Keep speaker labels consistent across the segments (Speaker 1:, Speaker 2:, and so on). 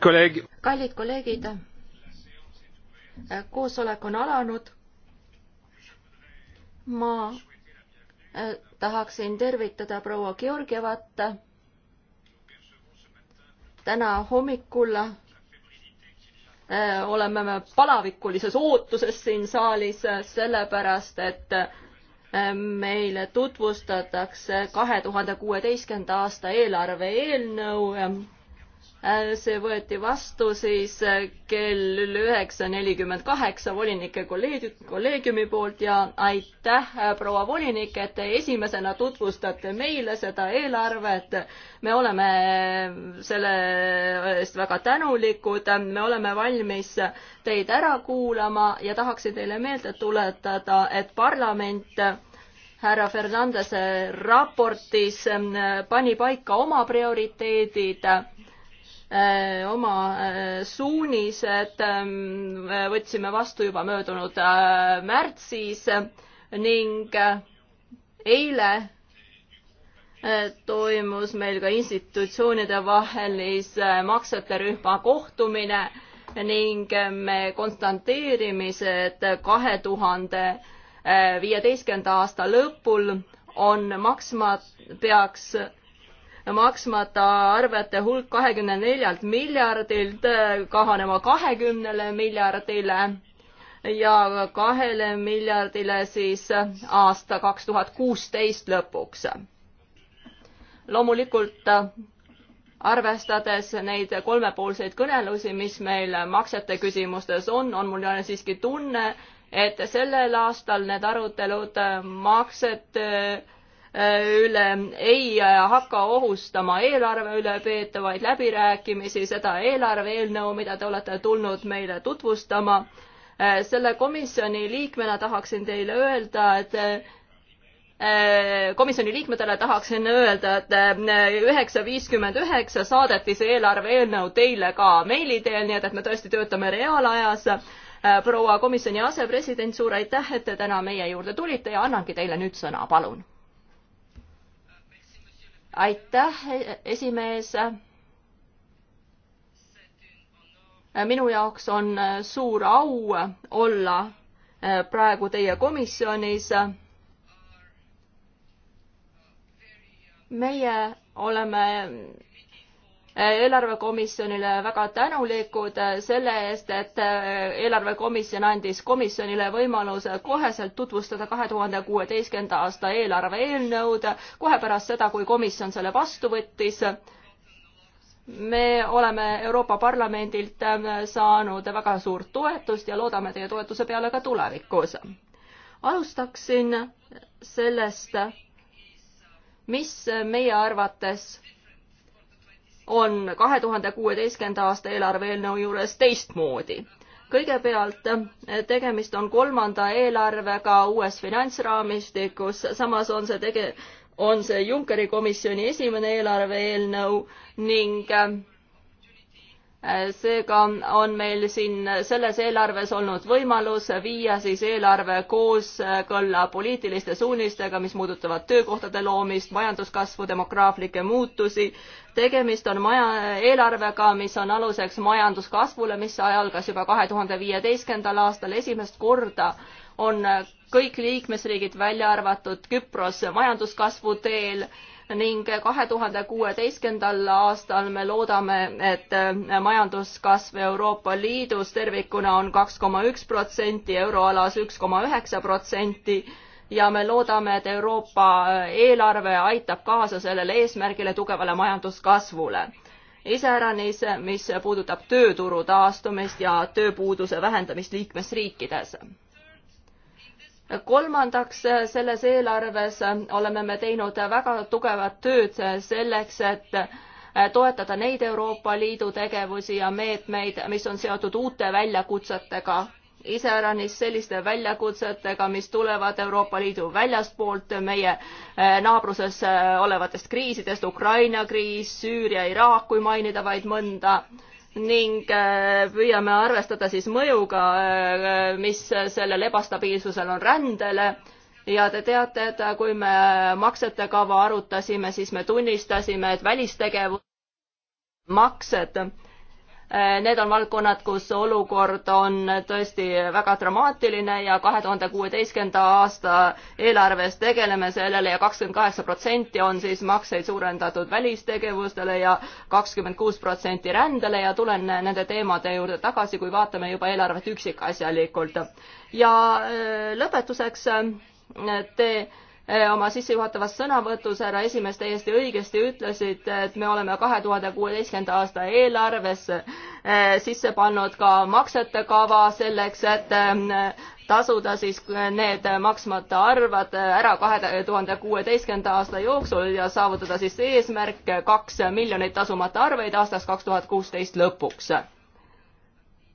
Speaker 1: kallid kolleegid, koosolek on alanud. ma eh, tahaksin tervitada proua Georgievat. täna hommikul eh, oleme me palavikulises ootuses siin saalis, eh, sellepärast et meile tutvustatakse kahe tuhande kuueteistkümnenda aasta eelarve eelnõu Äh, see võeti vastu siis äh, kell üheksa nelikümmend kaheksa volinike kolleegiumi poolt ja aitäh, äh, proua volinik, et te esimesena tutvustate meile seda eelarvet. me oleme selle eest väga tänulikud, me oleme valmis teid ära kuulama ja tahaksin teile meelde tuletada, et parlament härra Fernandese raportis pani paika oma prioriteedid Äh, oma äh, suunised ähm, äh, võtsime vastu juba möödunud märtsis ning eile toimus meil ka institutsioonide vahelise maksete rühma kohtumine ning me konstanteerimised kahe tuhande viieteistkümnenda aasta lõpul on maksma, peaks maksmata arvete hulk kahekümne neljalt miljardilt äh, kahanema kahekümnele miljardile ja kahele miljardile siis aasta kaks tuhat kuusteist lõpuks. loomulikult äh, arvestades neid kolmepoolseid kõnelusi, mis meil maksete küsimustes on, on mul siiski tunne, et sellel aastal need arutelud äh, maksete Äh, üle ei äh, hakka ohustama eelarve üle peetavaid läbirääkimisi, seda eelarve eelnõu, mida te olete tulnud meile tutvustama. Äh, selle komisjoni liikmena tahaksin teile öelda, et komisjoni liikmetele tahaksin öelda, et üheksa viiskümmend üheksa saadeti see eelarve eelnõu teile ka meili teel, nii et, et me tõesti töötame reaalajas. proua komisjoni asepresident, suur aitäh, et te täna meie juurde tulite ja annangi teile nüüd sõna, palun aitäh, esimees. minu jaoks on suur au olla praegu teie komisjonis. meie oleme eelarvekomisjonile väga tänulikud selle eest, et äh, eelarvekomisjon andis komisjonile võimaluse koheselt tutvustada kahe tuhande kuueteistkümnenda aasta eelarve eelnõud kohe pärast seda, kui komisjon selle vastu võttis me oleme Euroopa Parlamendilt äh, saanud väga suurt toetust ja loodame teie toetuse peale ka tulevikus. alustaksin sellest, mis meie arvates on kahe tuhande kuueteistkümnenda aasta eelarve eelnõu juures teistmoodi. kõigepealt eh, tegemist on kolmanda eelarvega uues finantsraamistikus, samas on see tege-, on see Junckeri komisjoni esimene eelarve eelnõu ning eh, Äh, seega on meil siin selles eelarves olnud võimalus viia siis eelarve kooskõlla poliitiliste suunistega, mis puudutavad töökohtade loomist, majanduskasvu, demograaflikke muutusi. tegemist on maja, eelarvega, mis on aluseks majanduskasvule, mis algas juba kahe tuhande viieteistkümnendal aastal esimest korda on kõik liikmesriigid välja arvatud Küpros majanduskasvu teel ning kahe tuhande kuueteistkümnendal aastal me loodame, et äh, majanduskasv Euroopa Liidus tervikuna on kaks koma üks protsenti, euroalas üks koma üheksa protsenti ja me loodame, et Euroopa äh, eelarve aitab kaasa sellele eesmärgile tugevale majanduskasvule iseäranis, mis puudutab tööturu taastumist ja tööpuuduse vähendamist liikmesriikides kolmandaks, selles eelarves oleme me teinud väga tugevat tööd selleks, et toetada neid Euroopa Liidu tegevusi ja meetmeid, mis on seotud uute väljakutsetega, iseäranis selliste väljakutsetega, mis tulevad Euroopa Liidu väljaspoolt meie eh, naabruses eh, olevatest kriisidest, Ukraina kriis, Süüria, Iraak, kui mainida vaid mõnda ning äh, püüame arvestada siis mõjuga, äh, mis sellel ebastabiilsusel on rändele ja te teate, et kui me maksete kava arutasime, siis me tunnistasime, et välistegevus, maksed Äh, need on valdkonnad, kus olukord on tõesti väga dramaatiline ja kahe tuhande kuueteistkümnenda aasta eelarves tegeleme sellele ja kakskümmend kaheksa protsenti on siis makseid suurendatud välistegevustele ja kakskümmend kuus protsenti rändele ja tulen nende teemade juurde tagasi, kui vaatame juba eelarvet üksikasjalikult. ja äh, lõpetuseks äh, te Äh, oma sissejuhatavas sõnavõtus, härra esimees, täiesti õigesti ütlesite, et me oleme kahe tuhande kuueteistkümnenda aasta eelarves äh, sisse pannud ka maksete kava selleks, et äh, tasuda siis need maksmata arvad ära kahe tuhande kuueteistkümnenda aasta jooksul ja saavutada siis eesmärk kaks miljonit tasumata arveid aastast kaks tuhat kuusteist lõpuks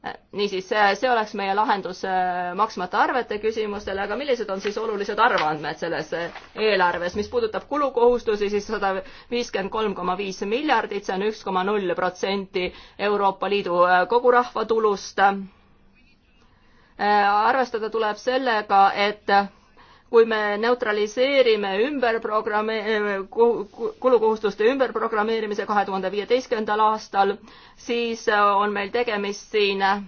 Speaker 1: Äh, niisiis, see oleks meie lahendus äh, maksmata arvete küsimustele, aga millised on siis olulised arvandmed selles äh, eelarves, mis puudutab kulukohustusi, siis sada viiskümmend kolm koma viis miljardit, see on üks koma null protsenti Euroopa Liidu kogu rahvatulust. arvestada tuleb sellega, et kui me neutraliseerime ümberprogramme-, kulukohustuste ümberprogrammeerimise kahe tuhande viieteistkümnendal aastal, siis äh, on meil tegemist siin äh,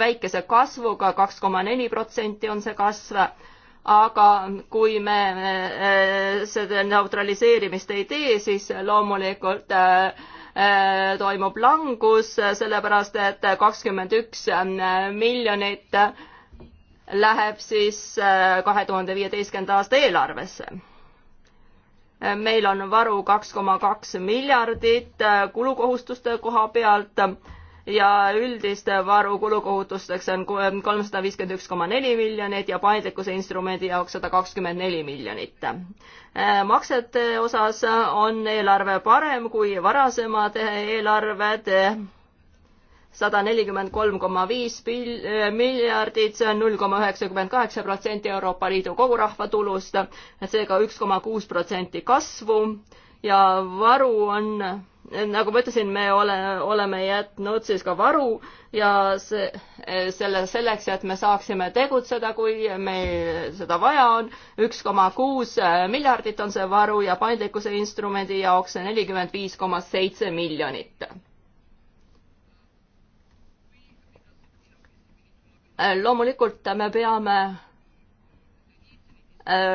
Speaker 1: väikese kasvuga, kaks koma neli protsenti on see kasv, aga kui me äh, seda neutraliseerimist ei tee, siis loomulikult toimub langus, sellepärast et kakskümmend üks miljonit läheb siis äh, kahe tuhande viieteistkümnenda aasta eelarvesse. Äh, meil on varu kaks koma kaks miljardit äh, kulukohustuste koha pealt ja üldiste varu kulukohutusteks on kolmsada viiskümmend üks koma neli miljonit ja paindlikkuse instrumendi jaoks sada kakskümmend neli miljonit. maksete osas on eelarve parem kui varasemad eelarved sada nelikümmend kolm koma viis eh, miljardit, see on null koma üheksakümmend kaheksa protsenti Euroopa Liidu kogurahvatulust, seega üks koma kuus protsenti kasvu ja varu on, nagu ma ütlesin, me ole, oleme jätnud siis ka varu ja see, selle, selleks, et me saaksime tegutseda, kui meil seda vaja on, üks koma kuus miljardit on see varu ja paindlikkuse instrumendi jaoks nelikümmend viis koma seitse miljonit Äh, loomulikult me peame äh,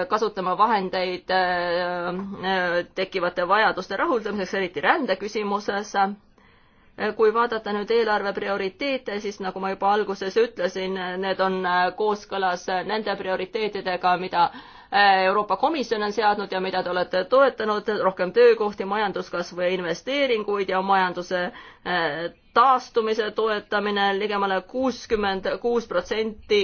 Speaker 1: kasutama vahendeid äh, tekkivate vajaduste rahuldamiseks, eriti rändeküsimuses. kui vaadata nüüd eelarve prioriteete, siis nagu ma juba alguses ütlesin, need on kooskõlas nende prioriteetidega, mida Äh, Euroopa Komisjon on seadnud ja mida te olete toetanud, rohkem töökohti, majanduskasvu ja investeeringuid ja majanduse äh, taastumise toetamine ligemale kuuskümmend kuus protsenti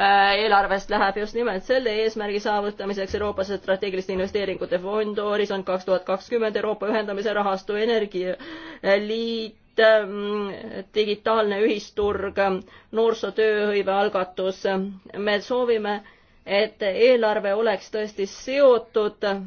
Speaker 1: äh, eelarvest läheb just nimelt selle eesmärgi saavutamiseks Euroopasse strateegiliste investeeringute fond, Horisont kaks tuhat kakskümmend, Euroopa ühendamise rahastu, energialiit, ähm, digitaalne ühisturg, noorsootööhõive algatus. me soovime, et eelarve oleks tõesti seotud eh,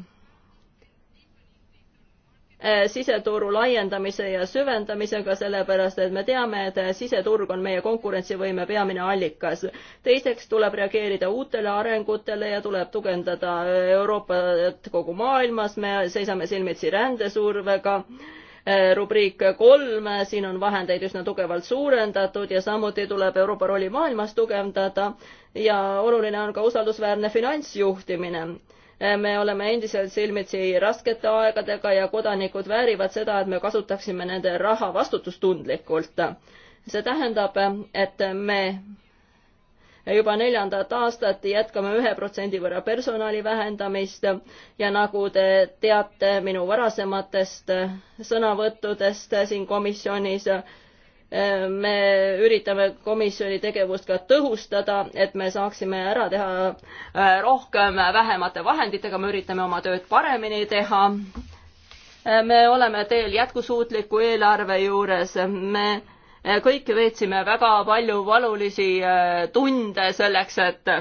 Speaker 1: siseturu laiendamise ja süvendamisega, sellepärast et me teame, et siseturg on meie konkurentsivõime peamine allikas. teiseks tuleb reageerida uutele arengutele ja tuleb tugevdada Euroopat kogu maailmas, me seisame silmitsi rändesurvega eh, rubriik kolm, siin on vahendeid üsna tugevalt suurendatud ja samuti tuleb Euroopa rolli maailmas tugevdada ja oluline on ka usaldusväärne finantsjuhtimine me oleme endiselt silmitsi raskete aegadega ja kodanikud väärivad seda, et me kasutaksime nende raha vastutustundlikult. see tähendab, et me juba neljandat aastat jätkame ühe protsendi võrra personali vähendamist ja nagu te teate minu varasematest sõnavõttudest siin komisjonis, me üritame komisjoni tegevust ka tõhustada, et me saaksime ära teha äh, rohkem vähemate vahenditega, me üritame oma tööd paremini teha. Äh, me oleme teel jätkusuutliku eelarve juures, me äh, kõik veetsime väga palju valulisi tunde selleks, et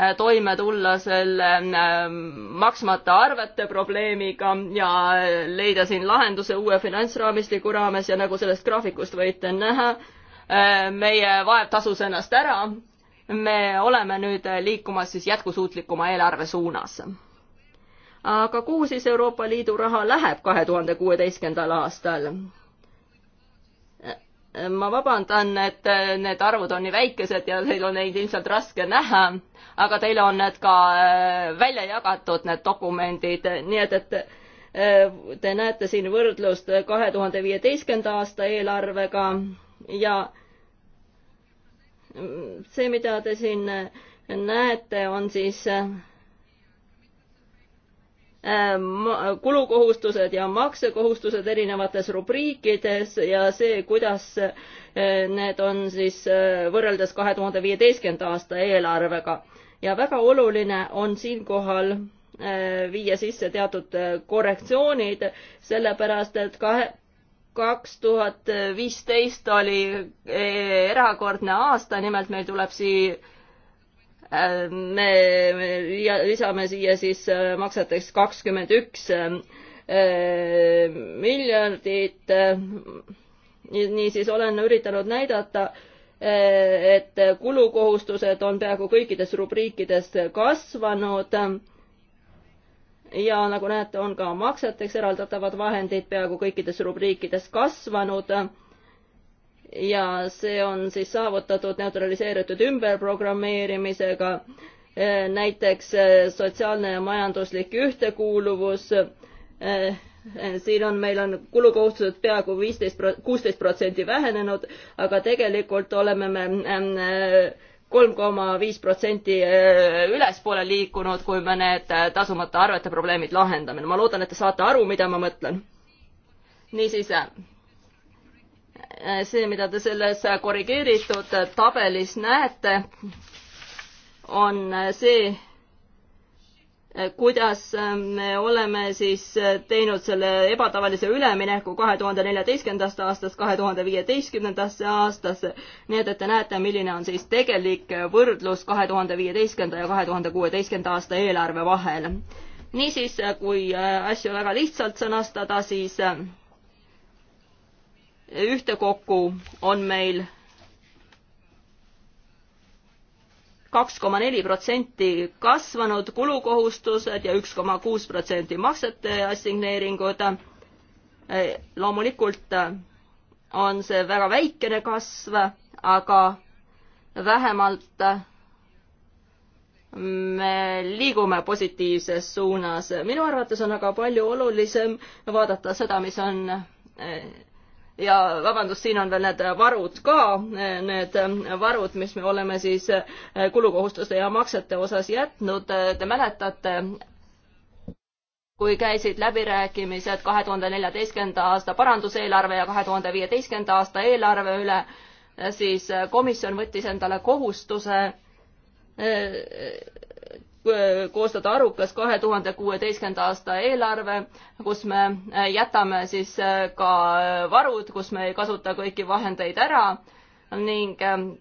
Speaker 1: Äh, toime tulla selle ähm, maksmata arvete probleemiga ja äh, leida siin lahenduse uue finantsraamistiku raames ja nagu sellest graafikust võite näha, äh, meie vaev tasus ennast ära. me oleme nüüd liikumas siis jätkusuutlikuma eelarve suunas. aga kuhu siis Euroopa Liidu raha läheb kahe tuhande kuueteistkümnendal aastal? ma vabandan, et äh, need arvud on nii väikesed ja teil on neid ilmselt raske näha, aga teile on need ka äh, välja jagatud, need dokumendid, nii et, et äh, te näete siin võrdlust kahe tuhande viieteistkümnenda aasta eelarvega ja see, mida te siin näete, on siis Äh, kulukohustused ja maksekohustused erinevates rubriikides ja see, kuidas äh, need on siis äh, võrreldes kahe tuhande viieteistkümnenda aasta eelarvega. ja väga oluline on siinkohal viia sisse teatud korrektsioonid, sellepärast et kahe, kaks tuhat viisteist oli erakordne aasta, nimelt meil tuleb siia me lisame siia siis äh, makseteks kakskümmend üks äh, miljardit. Äh, niisiis olen üritanud näidata, et kulukohustused on peaaegu kõikides rubriikides kasvanud. ja nagu näete, on ka makseteks eraldatavad vahendid peaaegu kõikides rubriikides kasvanud ja see on siis saavutatud neutraliseeritud ümberprogrammeerimisega, eh, näiteks eh, sotsiaalne ja majanduslik ühtekuuluvus, eh, siin on, meil on kulukohustused peaaegu viisteist, kuusteist protsenti vähenenud, aga tegelikult oleme me mm, kolm koma viis protsenti ülespoole liikunud, kui me need tasumata arvete probleemid lahendame. ma loodan, et te saate aru, mida ma mõtlen. niisiis Äh, see, mida te selles korrigeeritud tabelis näete, on see, äh, kuidas äh, me oleme siis teinud selle ebatavalise ülemineku kahe tuhande neljateistkümnendast aastast kahe tuhande viieteistkümnendasse aastasse. nii et, et te näete, milline on siis tegelik võrdlus kahe tuhande viieteistkümnenda ja kahe tuhande kuueteistkümnenda aasta eelarve vahel. niisiis, kui asju väga lihtsalt sõnastada, siis ühtekokku on meil kaks koma neli protsenti kasvanud kulukohustused ja üks koma kuus protsenti maksete assigneeringud. loomulikult on see väga väikene kasv, aga vähemalt me liigume positiivses suunas. minu arvates on aga palju olulisem vaadata seda, mis on ja vabandust, siin on veel need varud ka, need varud, mis me oleme siis eh, kulukohustuste ja maksete osas jätnud, te mäletate, kui käisid läbirääkimised kahe tuhande neljateistkümnenda aasta paranduseelarve ja kahe tuhande viieteistkümnenda aasta eelarve üle, siis komisjon võttis endale kohustuse eh, koostada arukas kahe tuhande kuueteistkümnenda aasta eelarve, kus me äh, jätame siis äh, ka äh, varud, kus me ei kasuta kõiki vahendeid ära ning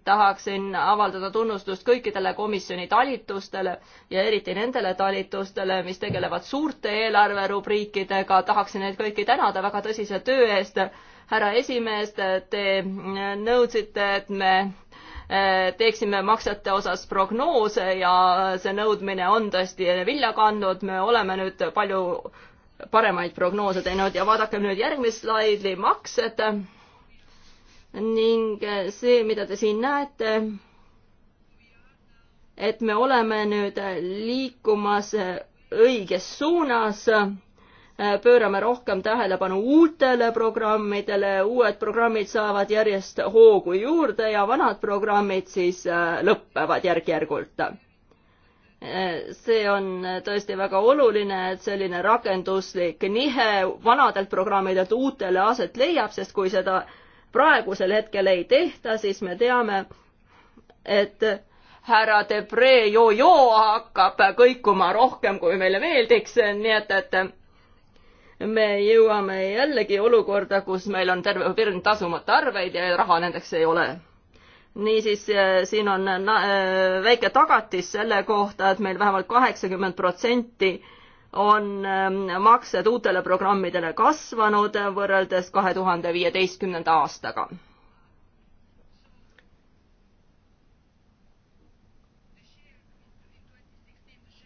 Speaker 1: tahaksin avaldada tunnustust kõikidele komisjoni talitustele ja eriti nendele talitustele, mis tegelevad suurte eelarverubriikidega, tahaksin neid kõiki tänada väga tõsise töö eest. härra esimees, te nõudsite, et me Äh, teeksime maksete osas prognoose ja äh, see nõudmine on tõesti vilja kandnud, me oleme nüüd palju paremaid prognoose teinud ja vaadakem nüüd järgmist slaidi, maksed. ning äh, see, mida te siin näete, et me oleme nüüd liikumas õiges suunas Äh, pöörame rohkem tähelepanu uutele programmidele, uued programmid saavad järjest hoogu juurde ja vanad programmid siis äh, lõppevad järk-järgult. Äh, see on tõesti väga oluline, et selline rakenduslik nihe vanadelt programmidelt uutele aset leiab, sest kui seda praegusel hetkel ei tehta, siis me teame, et härra Debre jojo hakkab kõikuma rohkem, kui meile meeldiks, nii et, et me jõuame jällegi olukorda, kus meil on terve pirn tasumata arveid ja raha nendeks ei ole. niisiis äh, siin on äh, äh, väike tagatis selle kohta, et meil vähemalt kaheksakümmend protsenti on ähm, maksed uutele programmidele kasvanud võrreldes kahe tuhande viieteistkümnenda aastaga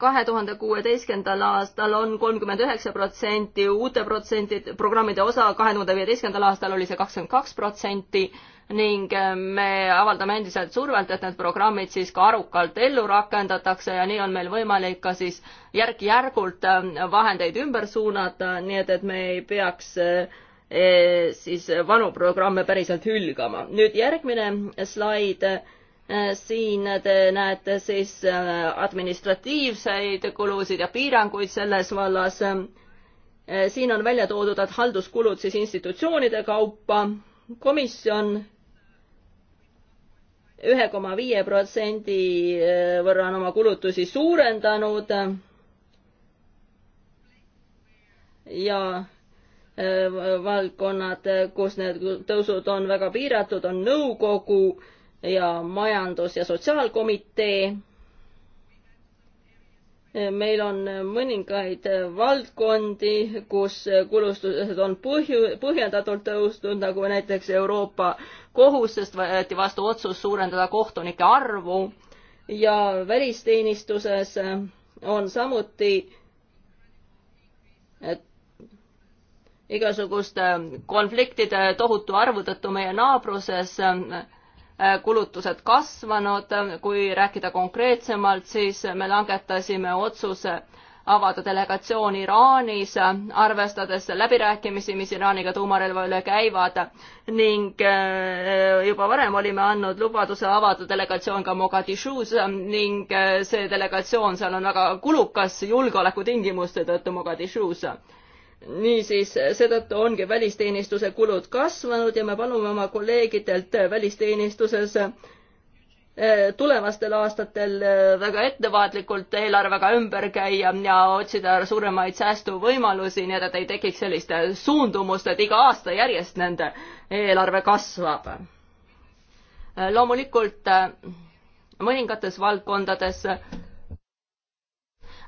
Speaker 1: kahe tuhande kuueteistkümnendal aastal on kolmkümmend üheksa protsenti uute protsendi, programmide osa, kahe tuhande viieteistkümnendal aastal oli see kakskümmend kaks protsenti ning äh, me avaldame endiselt survelt, et need programmid siis ka arukalt ellu rakendatakse ja nii on meil võimalik ka siis järk-järgult äh, vahendeid ümber suunata, nii et, et me ei peaks äh, siis vanu programme päriselt hülgama. nüüd järgmine slaid Äh, siin te näete siis äh, administratiivseid kulusid ja piiranguid selles vallas. Äh, siin on välja toodud, et halduskulud siis institutsioonide kaupa. komisjon ühe koma viie protsendi võrra on oma kulutusi suurendanud. ja valdkonnad, kus need tõusud on väga piiratud, on nõukogu ja Majandus- ja Sotsiaalkomitee. meil on mõningaid valdkondi, kus kulustused on põhju, põhjendatult tõusnud, nagu näiteks Euroopa kohus, sest võeti vastu otsus suurendada kohtunike arvu ja välisteenistuses on samuti igasuguste konfliktide tohutu arvu tõttu meie naabruses kulutused kasvanud, kui rääkida konkreetsemalt, siis me langetasime otsuse avada delegatsioon Iraanis, arvestades läbirääkimisi, mis Iraaniga tuumarelva üle käivad ning eh, juba varem olime andnud lubaduse avada delegatsioon ka Mogadishus ning eh, see delegatsioon seal on väga kulukas julgeolekutingimuste tõttu Mogadishus niisiis, seetõttu ongi välisteenistuse kulud kasvanud ja me palume oma kolleegidelt välisteenistuses eh, tulevastel aastatel eh, väga ettevaatlikult eelarvega ümber käia ja otsida suuremaid säästuvõimalusi, nii et ei tekiks sellist eh, suundumust, et iga aasta järjest nende eelarve kasvab. loomulikult mõningates valdkondades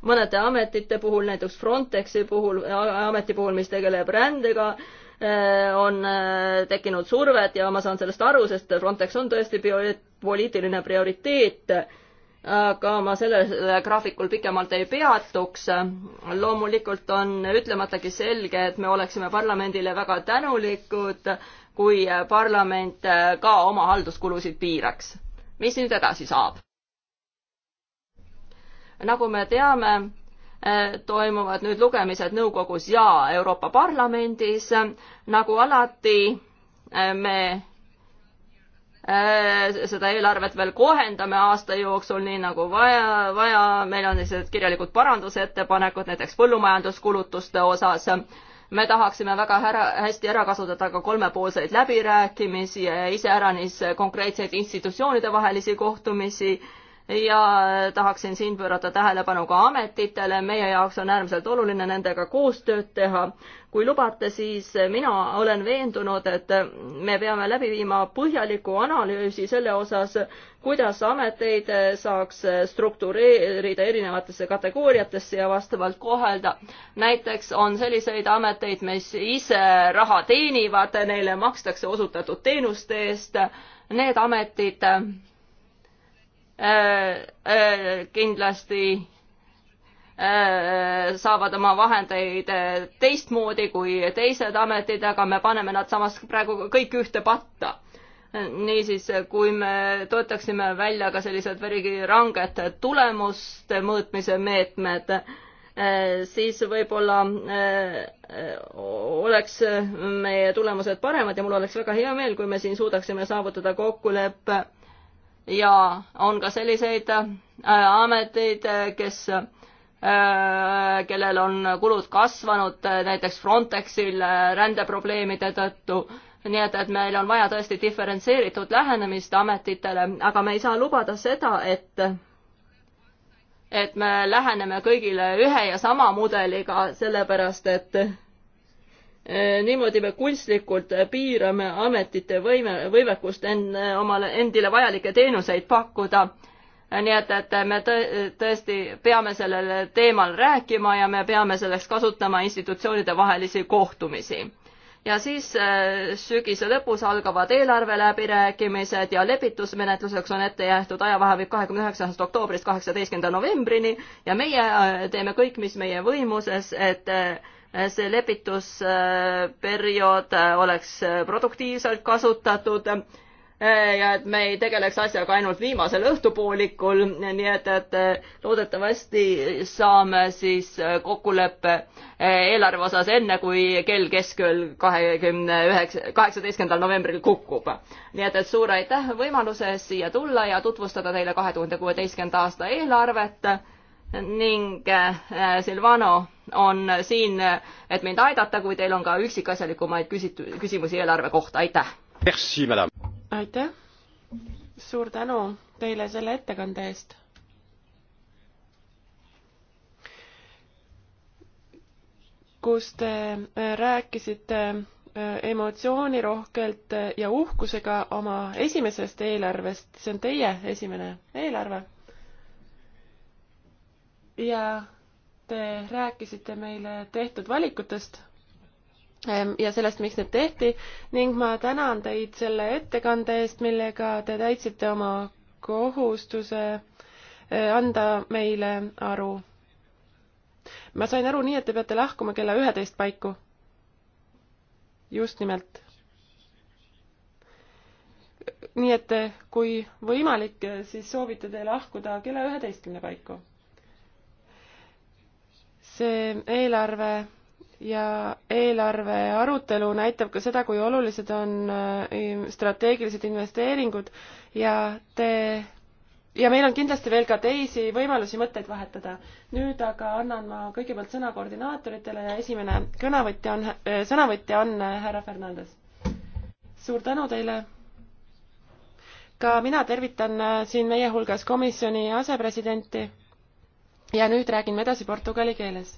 Speaker 1: mõnede ametite puhul, näiteks Frontexi puhul, ameti puhul, mis tegeleb rändega, äh, on äh, tekkinud survet ja ma saan sellest aru, sest Frontex on tõesti poliitiline prioriteet, aga ma sellel graafikul pikemalt ei peatuks. loomulikult on ütlematagi selge, et me oleksime parlamendile väga tänulikud, kui parlament ka oma halduskulusid piiraks. mis nüüd edasi saab? nagu me teame, eh, toimuvad nüüd lugemised nõukogus ja Euroopa Parlamendis. nagu alati eh, me eh, seda eelarvet veel kohendame aasta jooksul, nii nagu vaja, vaja, meil on sellised kirjalikud parandusettepanekud näiteks põllumajanduskulutuste osas. me tahaksime väga ära, hästi ära kasutada ka kolmepoolseid läbirääkimisi ja iseäranis konkreetseid institutsioonide vahelisi kohtumisi ja tahaksin siin pöörata tähelepanu ka ametitele, meie jaoks on äärmiselt oluline nendega koostööd teha. kui lubate, siis mina olen veendunud, et me peame läbi viima põhjaliku analüüsi selle osas, kuidas ameteid saaks struktureerida erinevatesse kategooriatesse ja vastavalt kohelda. näiteks on selliseid ameteid, mis ise raha teenivad, neile makstakse osutatud teenuste eest, need ametid Äh, äh, kindlasti äh, saavad oma vahendeid teistmoodi kui teised ametid, aga me paneme nad samas praegu kõik ühte patta. niisiis, kui me toetaksime välja ka sellised verigi ranged tulemuste mõõtmise meetmed, siis võib-olla oleks meie tulemused paremad ja mul oleks väga hea meel, kui me siin suudaksime saavutada kokkuleppe ja on ka selliseid äh, ameteid, äh, kes, äh, kellel on kulud kasvanud näiteks Frontexil rändeprobleemide tõttu, nii et, et meil on vaja tõesti diferentseeritud lähenemist ametitele, aga me ei saa lubada seda, et et me läheneme kõigile ühe ja sama mudeliga, sellepärast et Eh, niimoodi me kunstlikult piirame ametite võime, võimekust enne omale, endile vajalikke teenuseid pakkuda. Eh, nii et, et me tõesti peame sellel teemal rääkima ja me peame selleks kasutama institutsioonide vahelisi kohtumisi. ja siis eh, sügise lõpus algavad eelarveläbirääkimised ja lepitusmenetluseks on ette jäetud ajavahemik kahekümne üheksandast oktoobrist kaheksateistkümnenda novembrini ja meie teeme kõik, mis meie võimuses, et Eh, see lepitusperiood eh, oleks eh, produktiivselt kasutatud ja et me ei tegeleks asjaga ainult viimasel õhtupoolikul, nii et, et loodetavasti saame siis kokkuleppe eelarve osas enne, kui kell keskööl kahekümne üheksa, kaheksateistkümnendal novembril kukub. nii et, et suur aitäh võimaluse eest siia tulla ja tutvustada teile kahe tuhande kuueteistkümnenda aasta eelarvet ning äh, Silvano on siin, et mind aidata, kui teil on ka üksikasjalikumaid küsitu-, küsimusi eelarve kohta, aitäh! aitäh!
Speaker 2: suur tänu teile selle ettekande eest! kus te äh, rääkisite äh, emotsioonirohkelt ja uhkusega oma esimesest eelarvest, see on teie esimene eelarve ja te rääkisite meile tehtud valikutest ehm, ja sellest, miks need tehti ning ma tänan teid selle ettekande eest, millega te täitsite oma kohustuse eh, anda meile aru. ma sain aru nii, et te peate lahkuma kella üheteist paiku. just nimelt. nii et kui võimalik, siis soovite te lahkuda kella üheteistkümne paiku see eelarve ja eelarve arutelu näitab ka seda, kui olulised on äh, strateegilised investeeringud ja te ja meil on kindlasti veel ka teisi võimalusi mõtteid vahetada. nüüd aga annan ma kõigepealt sõna koordinaatoritele ja esimene kõnavõtja on, äh, sõnavõtja on äh, härra Fernandes. suur tänu teile. ka mina tervitan siin meie hulgas komisjoni asepresidenti ja nüüd räägin edasi portugali
Speaker 1: keeles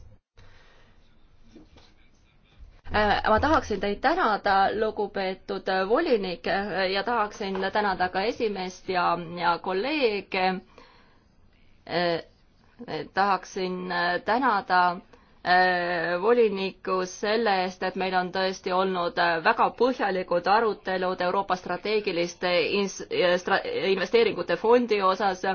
Speaker 1: äh, ma tahaksin teid tänada, lugupeetud volinik äh, ja tahaksin tänada ka esimeest ja, ja kolleege. Äh, tahaksin tänada Äh, voliniku selle eest, et meil on tõesti olnud äh, väga põhjalikud arutelud Euroopa strateegiliste äh, investeeringute fondi osas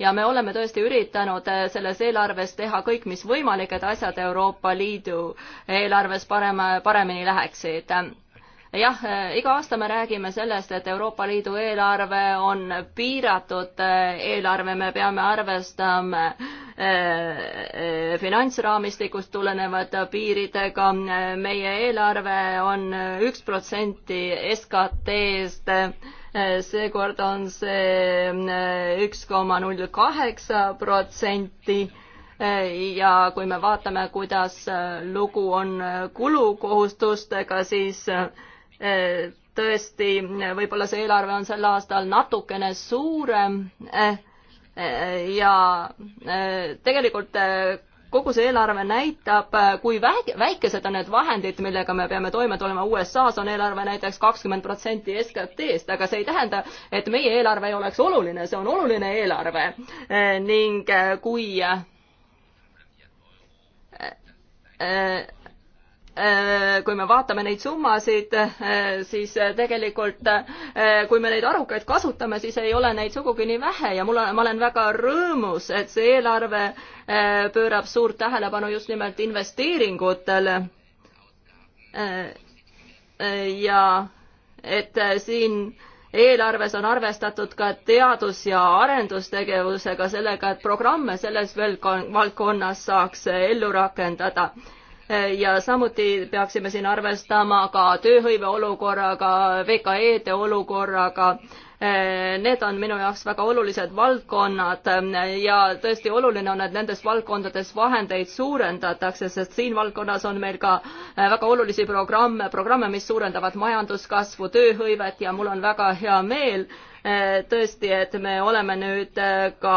Speaker 1: ja me oleme tõesti üritanud selles eelarves teha kõik, mis võimalik, et asjad Euroopa Liidu eelarves parem, paremini läheksid jah, iga aasta me räägime sellest, et Euroopa Liidu eelarve on piiratud eelarve, me peame arvestama äh, Äh, äh, finantsraamistikust tulenevate piiridega. meie eelarve on üks protsenti SKT-st, äh, seekord on see üks koma null kaheksa protsenti ja kui me vaatame, kuidas lugu on kulukohustustega, siis tõesti, võib-olla see eelarve on sel aastal natukene suurem eh,, ja e, tegelikult e, kogu see eelarve näitab, e, kui väikesed on need vahendid, millega me peame toime tulema. USA-s on eelarve näiteks kakskümmend protsenti SKT-st, aga see ei tähenda, et meie eelarve ei oleks oluline, see on oluline eelarve. ning kui Äh, kui me vaatame neid summasid, äh, siis äh, tegelikult kui me neid arukaid kasutame, siis ei ole neid sugugi nii vähe ja mul on, ma olen väga rõõmus, et see eelarve pöörab suurt tähelepanu just nimelt investeeringutele. ja et siin eelarves on arvestatud ka teadus- ja arendustegevusega, sellega, et programme selles valdkonnas saaks ellu rakendada ja samuti peaksime siin arvestama ka tööhõive olukorraga, VKE-de olukorraga. Need on minu jaoks väga olulised valdkonnad ja tõesti oluline on, et nendes valdkondades vahendeid suurendatakse, sest siin valdkonnas on meil ka väga olulisi programme, programme, mis suurendavad majanduskasvu, tööhõivet ja mul on väga hea meel Eh, tõesti, et me oleme nüüd eh, ka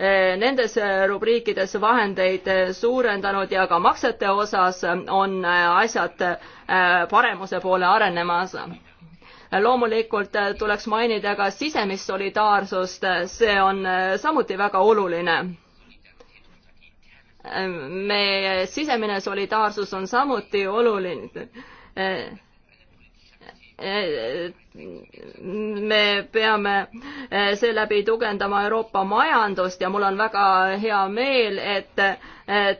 Speaker 1: eh, nendes rubriikides vahendeid suurendanud ja ka maksete osas on asjad paremuse poole arenemas loomulikult tuleks mainida ka sisemist solidaarsust, see on samuti väga oluline meie sisemine solidaarsus on samuti oluline me peame eh, seeläbi tugevdama Euroopa majandust ja mul on väga hea meel, et eh,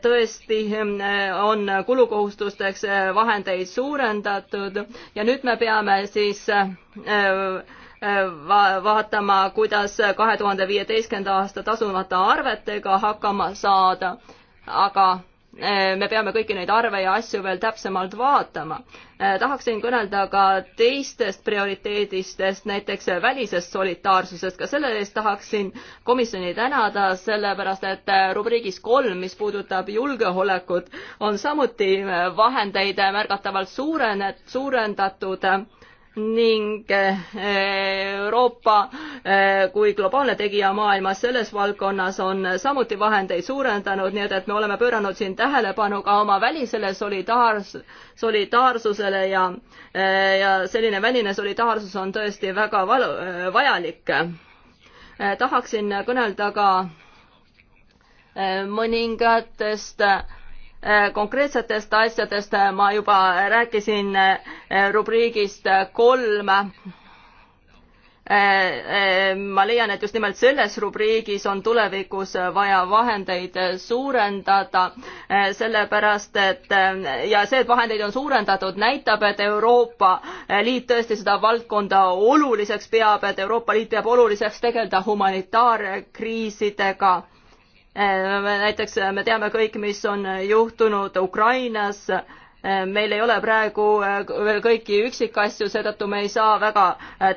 Speaker 1: tõesti eh, on kulukohustusteks vahendeid suurendatud ja nüüd me peame siis va-, vaatama, kuidas kahe tuhande viieteistkümnenda aasta tasumata arvetega hakkama saada, aga Äh, me peame kõiki neid arve ja asju veel täpsemalt vaatama. Äh, tahaksin kõnelda ka teistest prioriteedistest, näiteks välisest solidaarsusest, ka selle eest tahaksin komisjoni tänada, sellepärast et äh, rubriigis kolm, mis puudutab julgeolekut, on samuti vahendeid märgatavalt suurenenud, suurendatud ning eh, Euroopa eh, kui globaalne tegija maailmas selles valdkonnas on samuti vahendeid suurendanud, nii et, et me oleme pööranud siin tähelepanu ka oma välisele solidaars-, solidaarsusele ja, eh, ja selline väline solidaarsus on tõesti väga valu, vajalik. tahaksin kõnelda ka mõningatest äh, konkreetsetest asjadest äh, ma juba rääkisin äh, rubriigist äh, kolm. ma leian, et just nimelt selles rubriigis on tulevikus vaja vahendeid suurendada, sellepärast et ja see, et vahendeid on suurendatud, näitab, et Euroopa Liit tõesti seda valdkonda oluliseks peab, et Euroopa Liit peab oluliseks tegeleda humanitaarkriisidega Äh, näiteks äh, me teame kõik, mis on äh, juhtunud Ukrainas, meil ei ole praegu veel kõiki üksikasju, seetõttu me ei saa väga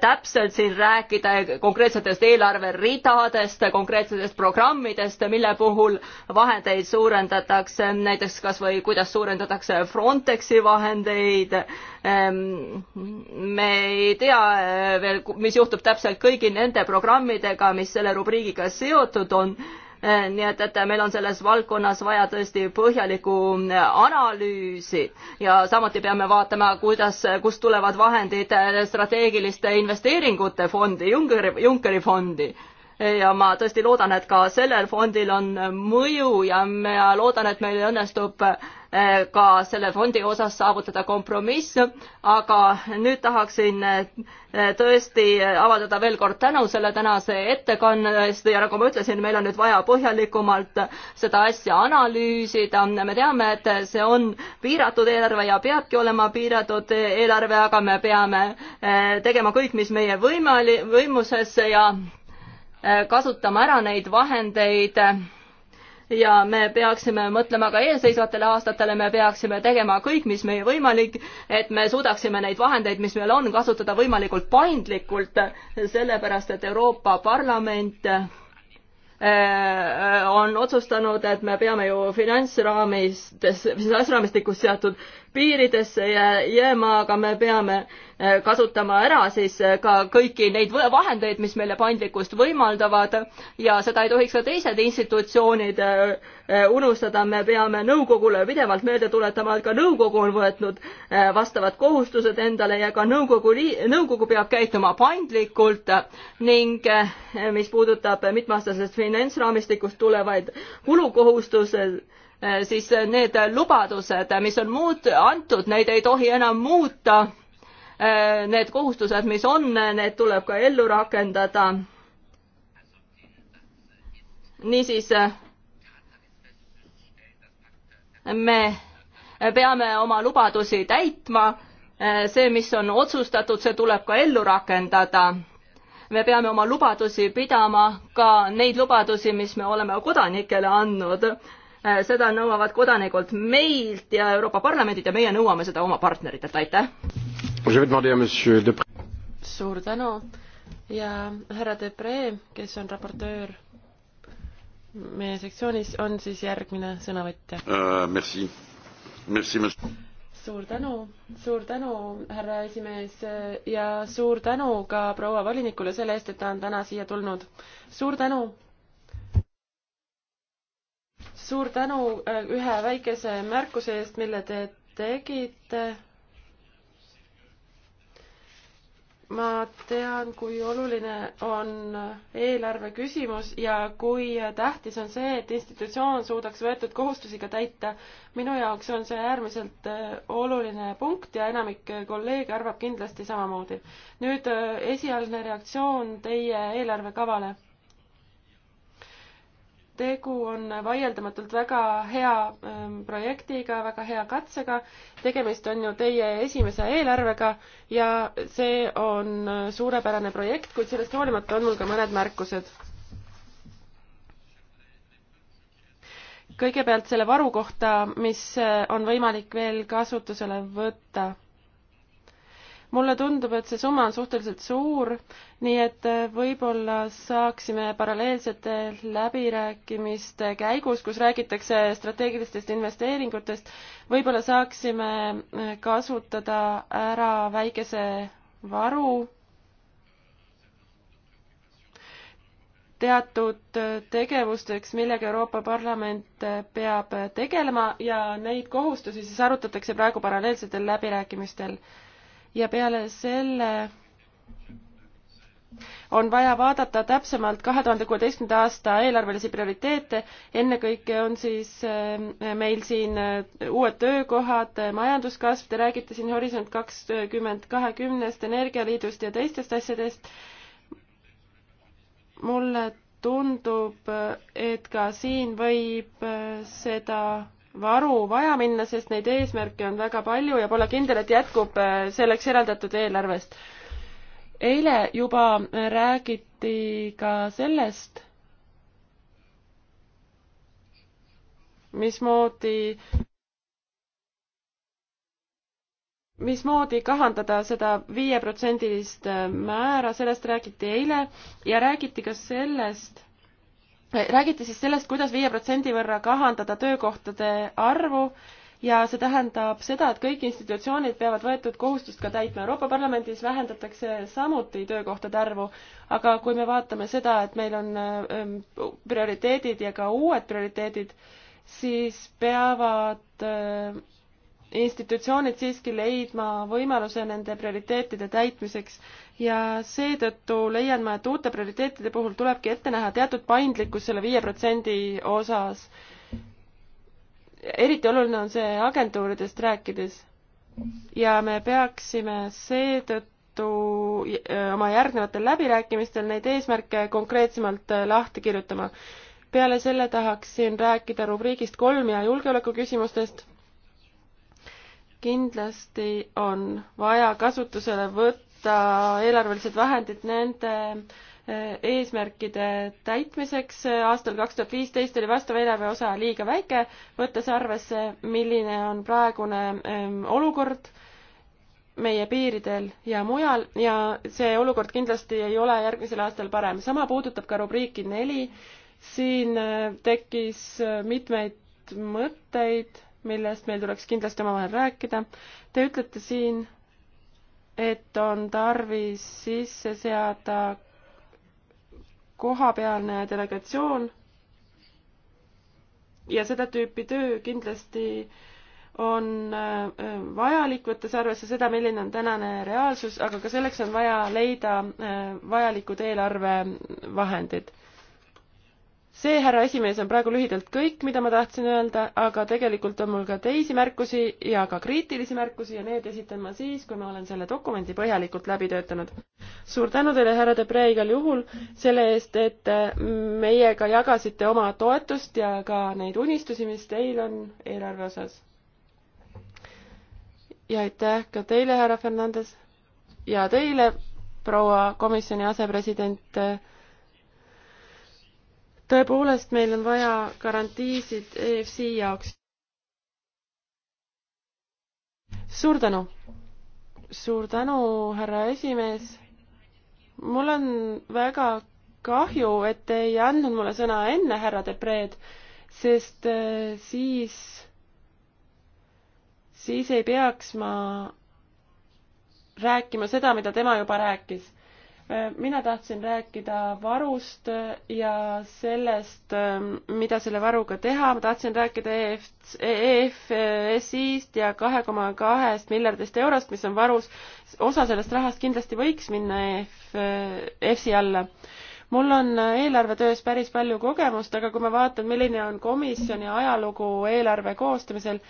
Speaker 1: täpselt siin rääkida konkreetsetest eelarveridadest, konkreetsetest programmidest, mille puhul vahendeid suurendatakse, näiteks kas või kuidas suurendatakse Frontexi vahendeid. Ähm, me ei tea veel, mis juhtub täpselt kõigi nende programmidega, mis selle rubriigiga seotud on Eh, nii et, et meil on selles valdkonnas vaja tõesti põhjalikku eh, analüüsi ja samuti peame vaatama, kuidas, kust tulevad vahendid eh, strateegiliste investeeringute fondi, Junckeri, Junckeri fondi ja ma tõesti loodan, et ka sellel fondil on mõju ja ma loodan, et meil õnnestub eh, ka selle fondi osas saavutada kompromiss, aga nüüd tahaksin eh, tõesti avaldada veel kord tänu selle tänase ettekande eest ja nagu ma ütlesin, meil on nüüd vaja põhjalikumalt seda asja analüüsida, me teame, et see on piiratud eelarve ja peabki olema piiratud eelarve, aga me peame eh, tegema kõik, mis meie võimali-, võimuses ja Äh, kasutama ära neid vahendeid ja me peaksime mõtlema ka eelseisvatele aastatele, me peaksime tegema kõik, mis meie võimalik, et me suudaksime neid vahendeid, mis meil on, kasutada võimalikult paindlikult, sellepärast et Euroopa Parlament äh, äh, on otsustanud, et me peame ju finantsraamides, finantsraamistikus seatud piiridesse jääma, aga me peame eh, kasutama ära siis eh, ka kõiki neid vahendeid, mis meile paindlikkust võimaldavad ja seda ei tohiks ka teised institutsioonid eh, unustada, me peame nõukogule pidevalt meelde tuletama, et ka nõukogu on võtnud vastavad kohustused endale ja ka nõukogu, nõukogu peab käituma paindlikult ning mis puudutab mitmeaastasest finantsraamistikust tulevaid kulukohustusi, Äh, siis äh, need lubadused, mis on muut-, antud, neid ei tohi enam muuta. Äh, need kohustused, mis on, need tuleb ka ellu rakendada. niisiis me peame oma lubadusi täitma. see, mis on otsustatud, see tuleb ka ellu rakendada. me peame oma lubadusi pidama, ka neid lubadusi, mis me oleme kodanikele andnud Äh, seda nõuavad kodanikult meilt ja Euroopa Parlamendilt ja meie nõuame seda oma partneritelt, aitäh! suur tänu ja härra Depree, kes on
Speaker 2: raportöör meie sektsioonis, on siis järgmine sõnavõtja uh,. Merci, merci, merci suur tänu, suur tänu, härra esimees ja suur tänu ka proua volinikule selle eest, et ta on täna siia tulnud. suur tänu suur tänu äh, ühe väikese märkuse eest, mille te tegite. ma tean, kui oluline on eelarve küsimus ja kui tähtis on see, et institutsioon suudaks võetud kohustusi ka täita. minu jaoks on see äärmiselt äh, oluline punkt ja enamik kolleege arvab kindlasti samamoodi. nüüd äh, esialgne reaktsioon teie eelarvekavale tegu on vaieldamatult väga hea ähm, projektiga, väga hea katsega. tegemist on ju teie esimese eelarvega ja see on äh, suurepärane projekt, kuid sellest hoolimata on mul ka mõned märkused. kõigepealt selle varu kohta, mis äh, on võimalik veel kasutusele võtta mulle tundub, et see summa on suhteliselt suur, nii et äh, võib-olla saaksime paralleelsete läbirääkimiste käigus, kus räägitakse strateegilistest investeeringutest, võib-olla saaksime äh, kasutada ära väikese varu teatud äh, tegevusteks, millega Euroopa Parlament peab tegelema ja neid kohustusi siis arutatakse praegu paralleelsetel läbirääkimistel ja peale selle on vaja vaadata täpsemalt kahe tuhande kuueteistkümnenda aasta eelarvelisi prioriteete, ennekõike on siis äh, meil siin äh, uued töökohad, äh, majanduskasv, te räägite siin Horisont kakskümmend kahekümnest, Energialiidust ja teistest asjadest. mulle tundub, et ka siin võib seda varu vaja minna, sest neid eesmärke on väga palju ja pole kindel, et jätkub äh, selleks eraldatud eelarvest. eile juba äh, räägiti ka sellest, mismoodi, mismoodi kahandada seda viieprotsendilist äh, määra, sellest räägiti eile ja räägiti ka sellest räägiti siis sellest kuidas, kuidas viie protsendi võrra kahandada töökohtade arvu ja see tähendab seda, et kõik institutsioonid peavad võetud kohustust ka täitma. Euroopa Parlamendis vähendatakse samuti töökohtade arvu, aga kui me vaatame seda, et meil on ähm, prioriteedid ja ka uued prioriteedid, siis peavad äh, institutsioonid siiski leidma võimaluse nende prioriteetide täitmiseks ja seetõttu leian ma, et uute prioriteetide puhul tulebki ette näha teatud paindlikkus selle viie protsendi osas. eriti oluline on see agentuuridest rääkides. ja me peaksime seetõttu äh, oma järgnevatel läbirääkimistel neid eesmärke konkreetsemalt äh, lahti kirjutama. peale selle tahaksin rääkida rubriigist kolm ja julgeolekuküsimustest kindlasti on vaja kasutusele võtta võtta eelarvelised vahendid nende eh, eesmärkide täitmiseks. aastal kaks tuhat viisteist oli vastav eelarve osa liiga väike, võttes arvesse, milline on praegune ehm, olukord meie piiridel ja mujal ja see olukord kindlasti ei ole järgmisel aastal parem. sama puudutab ka rubriiki neli. siin eh, tekkis eh, mitmeid mõtteid, millest meil tuleks kindlasti omavahel rääkida. Te ütlete siin et on tarvis sisse seada kohapealne delegatsioon ja seda tüüpi töö kindlasti on äh, vajalik, võttes arvesse seda, milline on tänane reaalsus, aga ka selleks on vaja leida äh, vajalikud eelarvevahendid see, härra esimees, on praegu lühidalt kõik, mida ma tahtsin öelda, aga tegelikult on mul ka teisi märkusi ja ka kriitilisi märkusi ja need esitan ma siis, kui ma olen selle dokumendi põhjalikult läbi töötanud. suur tänu teile, härra Debre, igal juhul selle eest, et meiega jagasite oma toetust ja ka neid unistusi, mis teil on eelarve osas. ja aitäh ka teile, härra Fernandes ja teile, proua komisjoni asepresident tõepoolest, meil on vaja garantiisid EFC jaoks. suur tänu. suur tänu, härra esimees. mul on väga kahju, et te ei andnud mulle sõna enne, härra Depreed, sest äh, siis, siis ei peaks ma rääkima seda, mida tema juba rääkis mina tahtsin rääkida varust ja sellest, mida selle varuga teha, ma tahtsin rääkida EFSI-st e ja kahe koma kahest miljardist eurost, mis on varus. osa sellest rahast kindlasti võiks minna EF, EFSI alla mul on eelarvetöös päris palju kogemust, aga kui ma vaatan, milline on komisjoni ajalugu eelarve koostamisel,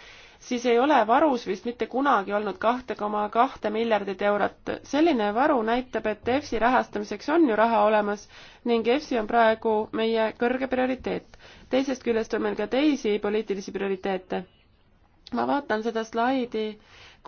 Speaker 2: siis ei ole varus vist mitte kunagi olnud kahte koma kahte miljardit eurot. selline varu näitab, et EFSI rahastamiseks on ju raha olemas ning EFSI on praegu meie kõrge prioriteet. teisest küljest on meil ka teisi poliitilisi prioriteete. ma vaatan seda slaidi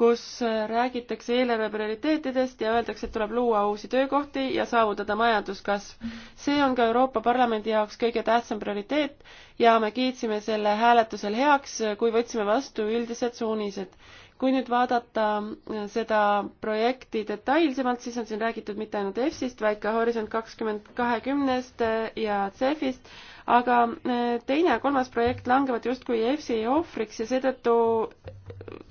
Speaker 2: kus äh, räägitakse eelarve prioriteetidest ja öeldakse, et tuleb luua uusi töökohti ja saavutada majanduskasv. see on ka Euroopa Parlamendi jaoks kõige tähtsam prioriteet ja me kiitsime selle hääletusel heaks, kui võtsime vastu üldised suunised kui nüüd vaadata äh, seda projekti detailsemalt, siis on siin räägitud mitte ainult EFSist, vaid ka Horisont kakskümmend kahekümnest äh, ja CEF-ist, aga äh, teine ja kolmas projekt langevad justkui EFSi ohvriks ja seetõttu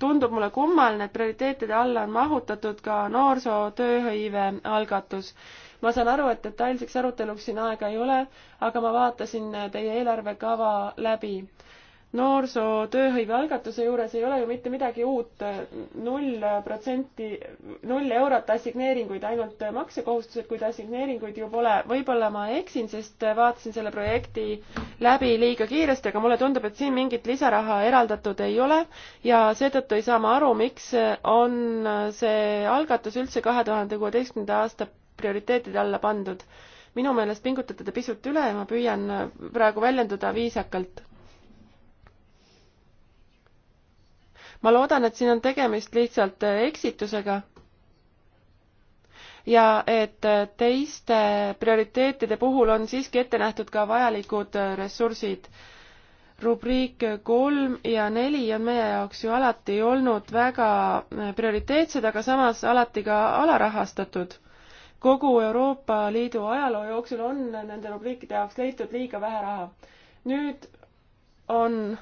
Speaker 2: tundub mulle kummaline, et prioriteetide alla on mahutatud ka noorsootööhõive algatus ma saan aru, et detailseks aruteluks siin aega ei ole, aga ma vaatasin teie eelarvekava läbi noorsoo tööhõive algatuse juures ei ole ju mitte midagi uut, null protsenti, null eurot assigneeringuid, ainult maksekohustused, kuid assigneeringuid ju pole. võib-olla ma eksin, sest vaatasin selle projekti läbi liiga kiiresti, aga mulle tundub, et siin mingit lisaraha eraldatud ei ole ja seetõttu ei saa ma aru, miks on see algatus üldse kahe tuhande kuueteistkümnenda aasta prioriteetide alla pandud. minu meelest pingutate te pisut üle ja ma püüan praegu väljenduda viisakalt ma loodan, et siin on tegemist lihtsalt äh, eksitusega ja et äh, teiste prioriteetide puhul on siiski ette nähtud ka vajalikud äh, ressursid. rubriik kolm ja neli on meie jaoks ju alati olnud väga prioriteetsed, aga samas alati ka alarahastatud. kogu Euroopa Liidu ajaloo jooksul on nende rubriikide jaoks leitud liiga vähe raha. nüüd on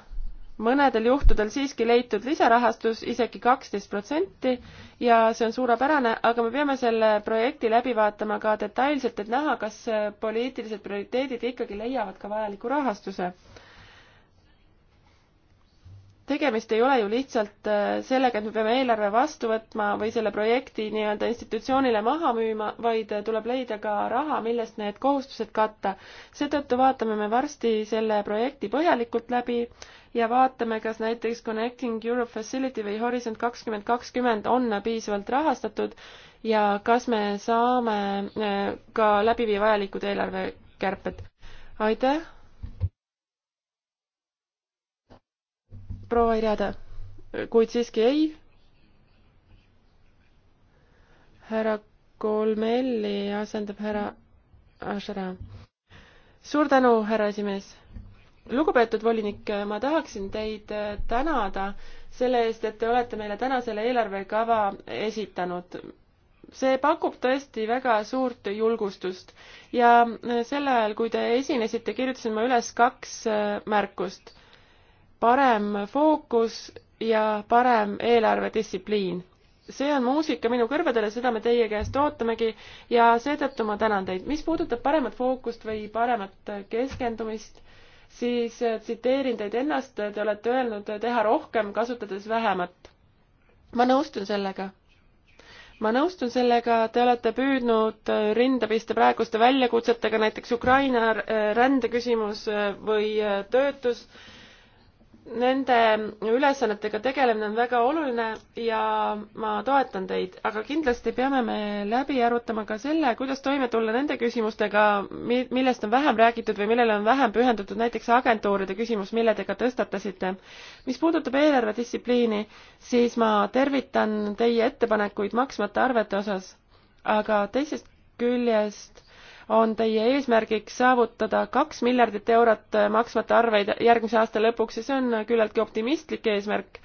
Speaker 2: mõnedel juhtudel siiski leitud lisarahastus isegi kaksteist protsenti ja see on suurepärane, aga me peame selle projekti läbi vaatama ka detailselt, et näha, kas poliitilised prioriteedid ikkagi leiavad ka vajaliku rahastuse. tegemist ei ole ju lihtsalt äh, sellega, et me peame eelarve vastu võtma või selle projekti nii-öelda institutsioonile maha müüma, vaid äh, tuleb leida ka raha, millest need kohustused katta. seetõttu vaatame me varsti selle projekti põhjalikult läbi ja vaatame, kas näiteks Connecting Europe Facility või Horisont kakskümmend kakskümmend on piisavalt rahastatud ja kas me saame eh, ka läbi viia vajalikud eelarvekärped. aitäh. proua Irjada, kuid siiski ei. härra Kolmelli asendab härra Ašara. suur tänu, härra esimees lugupeetud volinik, ma tahaksin teid äh, tänada selle eest, et te olete meile täna selle eelarvekava esitanud. see pakub tõesti väga suurt julgustust ja äh, sel ajal, kui te esinesite, kirjutasin ma üles kaks äh, märkust. parem fookus ja parem eelarvedistsipliin see on muusika minu kõrvadele, seda me teie käest ootamegi ja seetõttu ma tänan teid. mis puudutab paremat fookust või paremat keskendumist, siis äh, tsiteerin teid ennast, te olete öelnud äh, teha rohkem, kasutades vähemat. ma nõustun sellega. ma nõustun sellega, te olete püüdnud äh, rinda pista praeguste väljakutsetega, näiteks Ukraina rändeküsimus või töötus nende ülesannetega tegelemine on väga oluline ja ma toetan teid, aga kindlasti peame me läbi arutama ka selle, kuidas toime tulla nende küsimustega, millest on vähem räägitud või millele on vähem pühendatud, näiteks agentuuride küsimus, mille te ka tõstatasite. mis puudutab eelarvedistsipliini, siis ma tervitan teie ettepanekuid maksmata arvete osas, aga teisest küljest on teie eesmärgiks saavutada kaks miljardit eurot maksmata arveid järgmise aasta lõpuks ja see on küllaltki optimistlik eesmärk.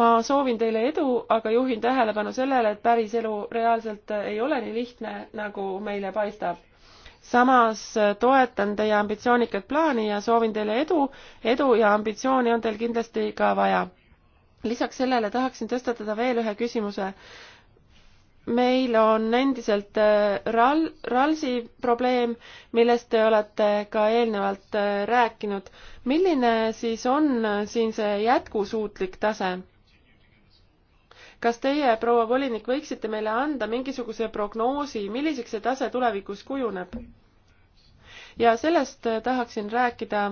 Speaker 2: ma soovin teile edu, aga juhin tähelepanu sellele, et päriselu reaalselt ei ole nii lihtne, nagu meile paistab. samas toetan teie ambitsioonikat plaani ja soovin teile edu, edu ja ambitsiooni on teil kindlasti ka vaja lisaks sellele tahaksin tõstatada veel ühe küsimuse meil on endiselt äh, RAL, RALSi probleem, millest te olete ka eelnevalt äh, rääkinud. milline siis on äh, siin see jätkusuutlik tase? kas teie, proua volinik, võiksite meile anda mingisuguse prognoosi, milliseks see tase tulevikus kujuneb? ja sellest tahaksin rääkida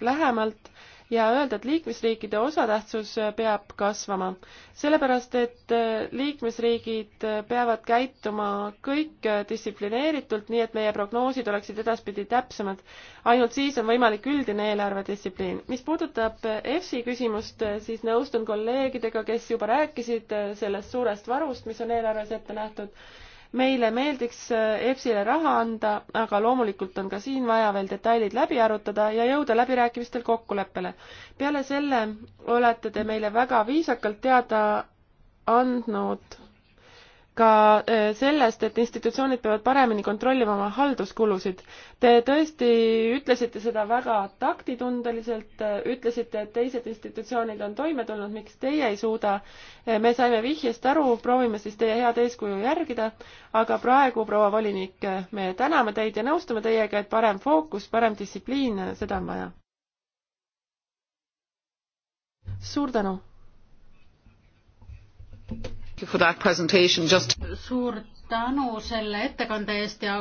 Speaker 2: lähemalt ja öelda, et liikmesriikide osatähtsus äh, peab kasvama. sellepärast, et äh, liikmesriigid äh, peavad käituma kõik distsiplineeritult, nii et meie prognoosid oleksid edaspidi täpsemad. ainult siis on võimalik üldine eelarvedistsipliin. mis puudutab EFSI küsimust, siis nõustun kolleegidega, kes juba rääkisid sellest suurest varust, mis on eelarves ette nähtud meile meeldiks äh, EPS-ile raha anda, aga loomulikult on ka siin vaja veel detailid läbi arutada ja jõuda läbirääkimistel kokkuleppele. peale selle olete te meile väga viisakalt teada andnud ka äh, sellest, et institutsioonid peavad paremini kontrollima oma halduskulusid. Te tõesti ütlesite seda väga taktitundeliselt, äh, ütlesite, et teised institutsioonid on toime tulnud, miks teie ei suuda. Äh, me saime vihjest aru, proovime siis teie head eeskuju järgida, aga praegu, proua volinik, me täname teid ja nõustume teiega, et parem fookus, parem distsipliin, seda on vaja. suur tänu!
Speaker 3: Just... suur tänu selle ettekande eest ja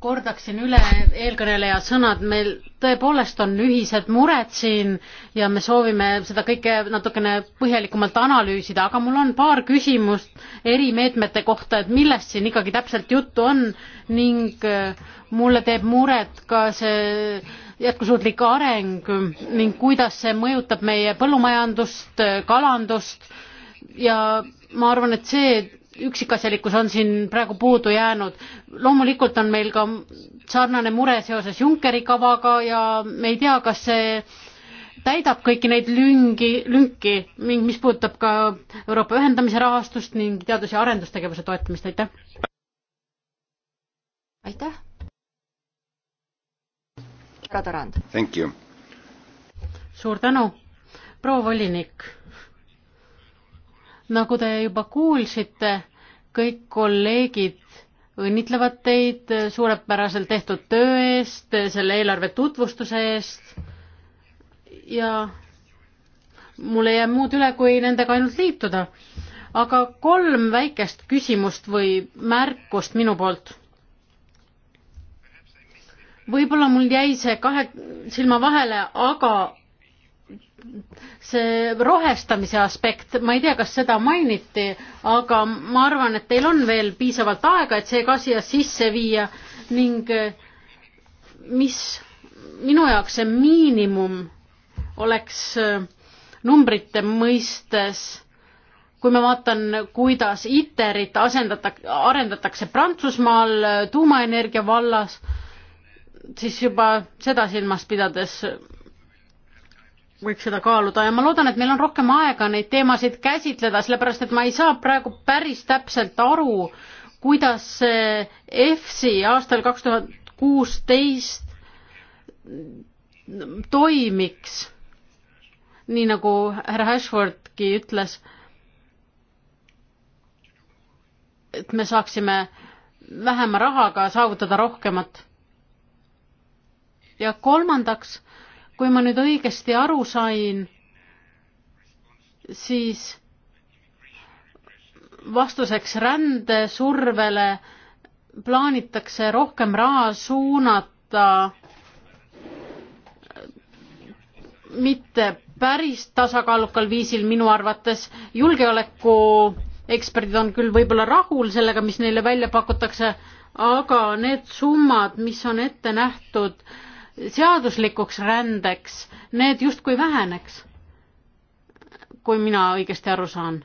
Speaker 3: kordaksin üle eelkõneleja sõnad, meil tõepoolest on ühised mured siin ja me soovime seda kõike natukene põhjalikumalt analüüsida, aga mul on paar küsimust erimeetmete kohta, et millest siin ikkagi täpselt juttu on ning äh, mulle teeb muret ka see jätkusuutlik areng ning kuidas see mõjutab meie põllumajandust, kalandust ja ma arvan, et see üksikasjalikkus on siin praegu puudu jäänud. loomulikult on meil ka sarnane mure seoses Junckeri kavaga ja me ei tea, kas see täidab kõiki neid lüngi, lünki ning mis puudutab ka Euroopa ühendamise rahastust ning teadus- ja arendustegevuse toetamist, aitäh! aitäh! härra Tarand! suur tänu, proua volinik nagu te juba kuulsite, kõik kolleegid õnnitlevad teid suurepäraselt tehtud töö eest, selle eelarve tutvustuse eest ja mul ei jää muud üle, kui nendega ainult liituda. aga kolm väikest küsimust või märkust minu poolt. võib-olla mul jäi see kahe silma vahele, aga see rohestamise aspekt, ma ei tea, kas seda mainiti, aga ma arvan, et teil on veel piisavalt aega, et see ka siia sisse viia ning eh, mis minu jaoks see miinimum oleks eh, numbrite mõistes, kui ma vaatan, kuidas ITER-it asendatakse, arendatakse Prantsusmaal eh, tuumaenergia vallas, siis juba seda silmas pidades võiks seda kaaluda ja ma loodan, et meil on rohkem aega neid teemasid käsitleda, sellepärast et ma ei saa praegu päris täpselt aru, kuidas see EFSI aastal kaks tuhat kuusteist toimiks. nii nagu härra Ashfordki ütles, et me saaksime vähema rahaga saavutada rohkemat. ja kolmandaks kui ma nüüd õigesti aru sain, siis vastuseks rändesurvele plaanitakse rohkem raha suunata mitte päris tasakaalukal viisil minu arvates. julgeolekueksperdid on küll võib-olla rahul sellega, mis neile välja pakutakse, aga need summad, mis on ette nähtud äh, seaduslikuks rändeks, need justkui väheneks, kui mina õigesti aru saan.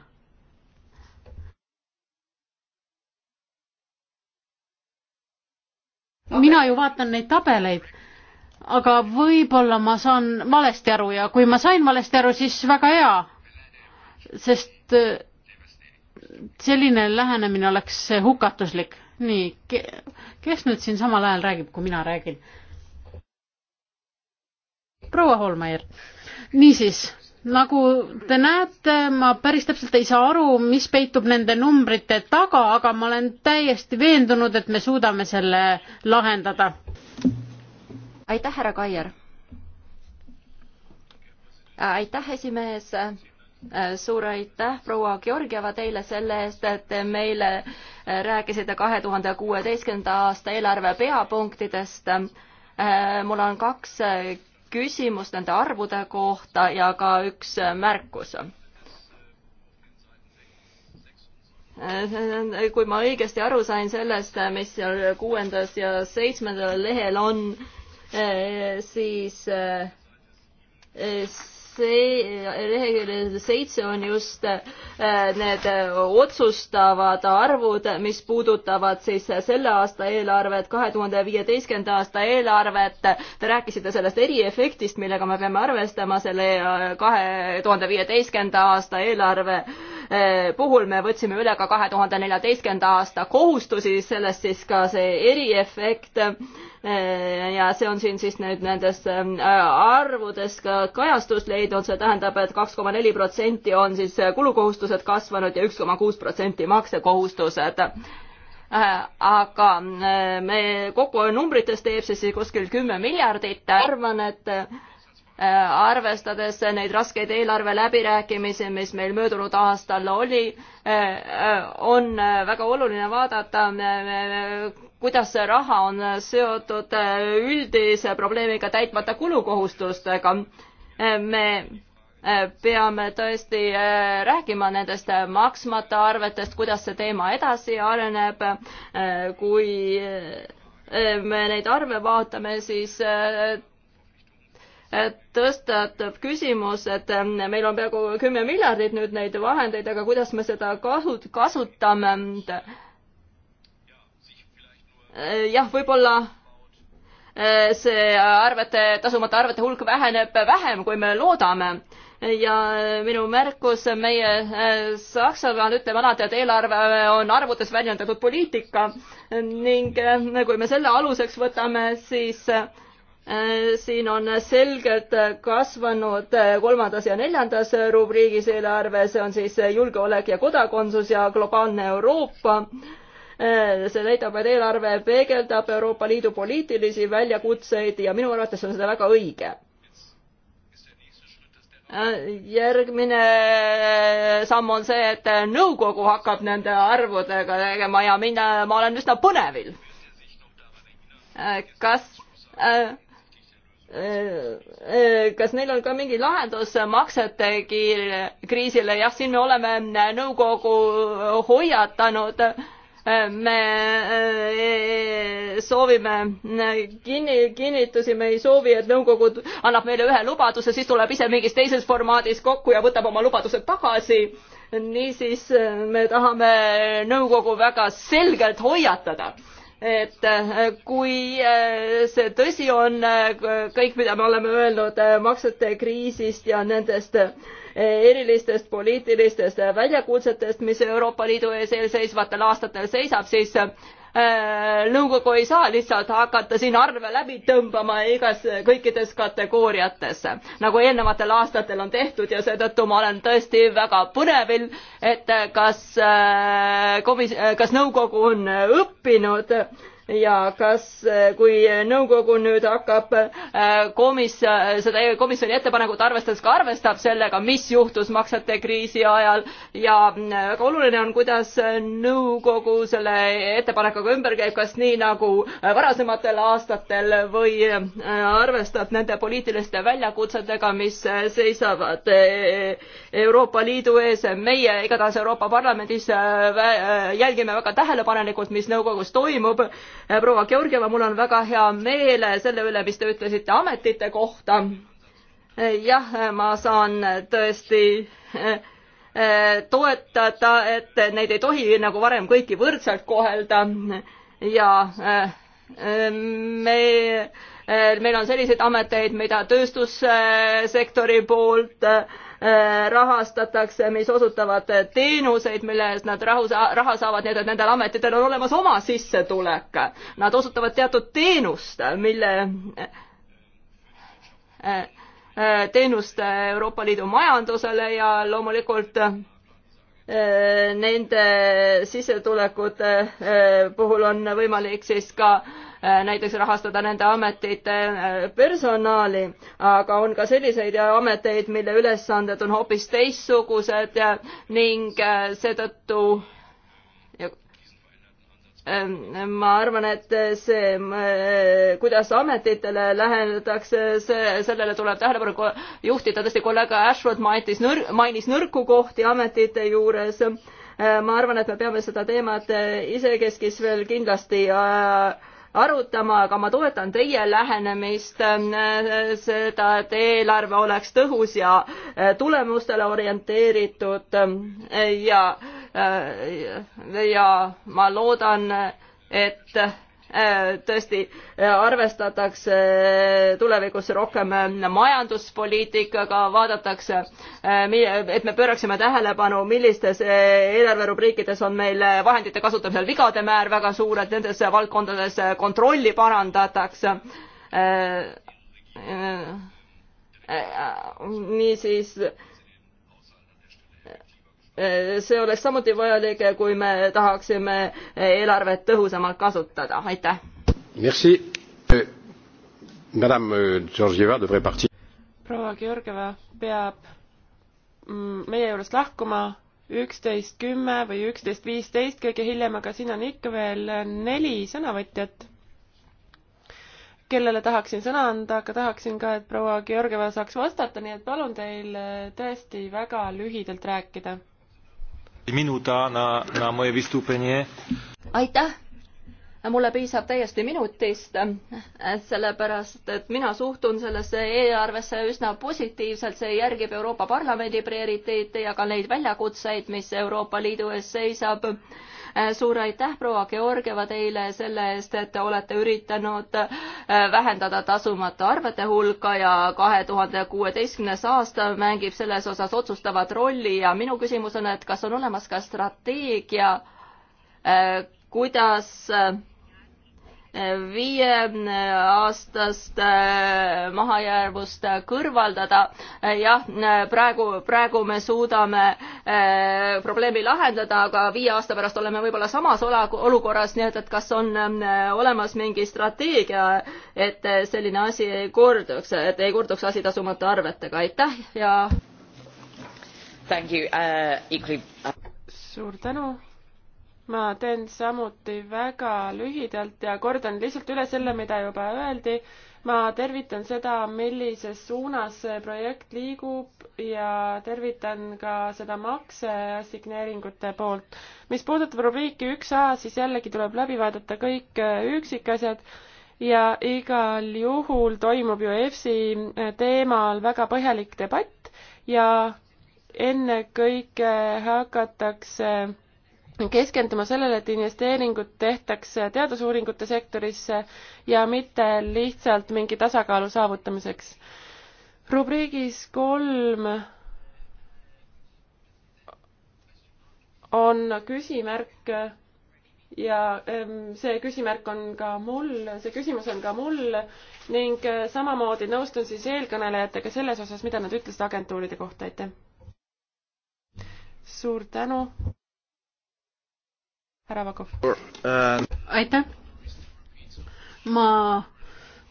Speaker 3: mina ju vaatan neid tabeleid, aga võib-olla ma saan valesti aru ja kui ma sain valesti aru, siis väga hea, sest äh, selline lähenemine oleks hukatuslik. nii, kes nüüd siin samal ajal räägib, kui mina räägin? proua Holmeier. niisiis, nagu te näete, ma päris täpselt ei saa aru, mis peitub nende numbrite taga, aga ma olen täiesti veendunud, et me suudame selle lahendada. aitäh, härra Kaier. aitäh, esimees
Speaker 1: suur aitäh, proua Georgieva teile selle eest, et te meile rääkisite kahe tuhande kuueteistkümnenda aasta eelarve peapunktidest. mul on kaks küsimus nende arvude kohta ja ka üks äh, märkus. Äh, kui ma õigesti aru sain sellest, äh, mis seal kuuendas ja seitsmendal lehel on, siis see leheküljel seitse on just äh, need äh, otsustavad arvud, mis puudutavad siis selle aasta eelarvet, kahe tuhande viieteistkümnenda aasta eelarvet. Te rääkisite sellest eriefektist, millega me peame arvestama selle äh, kahe tuhande viieteistkümnenda aasta eelarve Äh, puhul me võtsime üle ka kahe tuhande neljateistkümnenda aasta kohustusi, sellest siis ka see eriefekt. Äh, ja see on siin siis nüüd nendes ähm, arvudes ka kajastust leidnud, see tähendab et, et kaks koma neli protsenti on siis kulukohustused kasvanud ja üks koma kuus protsenti maksekohustused äh, aga me kogu numbritest teeb see siis kuskil kümme miljardit, arvan, et Äh, arvestades neid raskeid eelarveläbirääkimisi, mis meil möödunud aastal oli, äh, äh, on väga oluline vaadata, kuidas see raha on seotud üldise probleemiga täitmata kulukohustustega. me peame tõesti rääkima nendest maksmata arvetest, kuidas see teema edasi areneb, kui me neid arve vaatame, siis tõstatab küsimus, et ähm, meil on peaaegu kümme miljardit nüüd neid vahendeid, aga kuidas me seda kasut-, kasutame. jah, võib-olla äh, see arvete, tasumata arvete hulk väheneb vähem, kui me loodame ja äh, minu märkus, meie äh, Saksamaal ütleme alati, et eelarve on arvudes väljendatud poliitika ning kui me selle aluseks võtame, siis äh, Äh, siin on selgelt kasvanud äh, kolmandas ja neljandas rubriigis eelarve, see on siis julgeolek ja kodakondsus ja globaalne Euroopa. Äh, see näitab, et eelarve peegeldab Euroopa Liidu poliitilisi väljakutseid ja minu arvates on seda väga õige. järgmine samm on see, et nõukogu hakkab nende arvudega tegema ja mina, ma olen üsna põnevil. kas äh, Äh, äh, kas neil on ka mingi lahendus maksete kriisile, jah, siin me oleme äh, nõukogu hoiatanud, me e, e, soovime kinni, kinnitusi, me ei soovi, et nõukogu annab meile ühe lubaduse, siis tuleb ise mingis teises formaadis kokku ja võtab oma lubadused tagasi. niisiis me tahame nõukogu väga selgelt hoiatada et äh, kui äh, see tõsi on, äh, kõik, mida me oleme öelnud maksete kriisist ja nendest erilistest poliitilistest väljakutsetest, mis Euroopa Liidu ees eelseisvatel aastatel seisab, siis Äh, nõukogu ei saa lihtsalt hakata siin arve läbi tõmbama igas, kõikides kategooriates, nagu eelnevatel aastatel on tehtud ja seetõttu ma olen tõesti väga põnevil, et kas äh, komis-, kas nõukogu on õppinud ja kas, eh, kui nõukogu nüüd hakkab eh, komis-, eh, seda e-, komisjoni ettepanekut arvestades ka arvestab sellega, mis juhtus maksete kriisi ajal ja mm, väga oluline on, kuidas nõukogu selle ettepanekuga ümber käib, kas nii nagu varasematel aastatel või arvestab nende poliitiliste väljakutsetega, mis seisavad Euroopa Liidu ees. meie igatahes Euroopa Parlamendis jälgime väga tähelepanelikult, mis nõukogus toimub Eh, proua Georgieva, mul on väga hea meel selle üle, mis te ütlesite ametite kohta. Eh, jah, eh, ma saan tõesti toetada, et neid ei tohi nagu varem kõiki võrdselt kohelda ja me, meil on selliseid ameteid, mida tööstussektori poolt äh, Äh, rahastatakse, mis osutavad teenuseid, mille eest nad rahu, raha saavad, nii et nendel ametitel on olemas oma sissetulek. Nad osutavad teatud teenust, mille äh, äh, teenust Euroopa Liidu majandusele ja loomulikult Äh, nende sissetulekute äh, puhul on võimalik siis ka äh, näiteks rahastada nende ametite personali, aga on ka selliseid ameteid, mille ülesanded on hoopis teistsugused ning seetõttu Ehm, ma arvan, et see, eh, kuidas ametitele lähenetakse, see, sellele tuleb tähelepanu juhtida, tõesti kolleeg Ashford mainis nõr-, mainis nõrku kohti ametite juures. Ehm, ma arvan, et me peame seda teemat eh, isekeskis veel kindlasti eh, arutama, aga ma toetan teie lähenemist, seda, et eelarve oleks tõhus ja tulemustele orienteeritud ja Äh, ja ma loodan, et äh, tõesti äh, arvestatakse tulevikus rohkem majanduspoliitikaga, vaadatakse, et me pööraksime tähelepanu, millistes eelarverubriikides on meil vahendite kasutamisel vigade määr väga suur, et nendes valdkondades kontrolli parandatakse. niisiis see oleks samuti vajalik, kui me tahaksime eelarvet tõhusamalt kasutada, aitäh.
Speaker 2: Merci. Euh, Madame euh, Georgieva devrait partir.
Speaker 1: proua Georgieva peab mm, meie
Speaker 2: juurest lahkuma üksteist kümme või üksteist viisteist kõige hiljem, aga siin on ikka veel neli sõnavõtjat, kellele tahaksin sõna anda, aga tahaksin ka, et proua Georgieva saaks vastata, nii et palun teil äh, tõesti väga lühidalt
Speaker 1: rääkida
Speaker 3: minuta na, na moje vistupenie.
Speaker 1: aitäh mulle piisab täiesti minutist, sellepärast et mina suhtun sellesse eelarvesse üsna positiivselt, see järgib Euroopa Parlamendi prioriteete ja ka neid väljakutseid, mis Euroopa Liidu ees seisab Äh, suur aitäh, proua Georgieva, teile selle eest, et te olete üritanud äh, vähendada tasumata arvete hulka ja kahe tuhande kuueteistkümnes aasta mängib selles osas otsustavat rolli ja minu küsimus on, et kas on olemas ka strateegia, äh, kuidas viieaastast äh, äh, mahajäävust äh, kõrvaldada. jah, praegu, praegu me suudame probleemi lahendada, aga viie aasta pärast oleme võib-olla samas olukorras, nii et, et kas on olemas mingi strateegia, et selline asi ei korduks, et ei korduks asi tasumata arvetega, aitäh ja. Thank you uh, equally. suur tänu ma teen samuti
Speaker 2: väga lühidalt ja kordan lihtsalt üle selle, mida juba öeldi. ma tervitan seda, millises suunas see projekt liigub ja tervitan ka seda makseassigneeringute poolt. mis puudutab rubriiki üks A, siis jällegi tuleb läbi vaadata kõik üksikasjad ja igal juhul toimub ju EFSI teemal väga põhjalik debatt ja ennekõike hakatakse keskenduma sellele, et investeeringud tehtaks teadusuuringute sektorisse ja mitte lihtsalt mingi tasakaalu saavutamiseks. rubriigis kolm on küsimärk ja ähm, see küsimärk on ka mul, see küsimus on ka mul ning äh, samamoodi nõustun siis eelkõnelejatega selles osas, mida nad ütlesid agentuuride kohta, aitäh!
Speaker 3: suur tänu! härra Vakov. aitäh. ma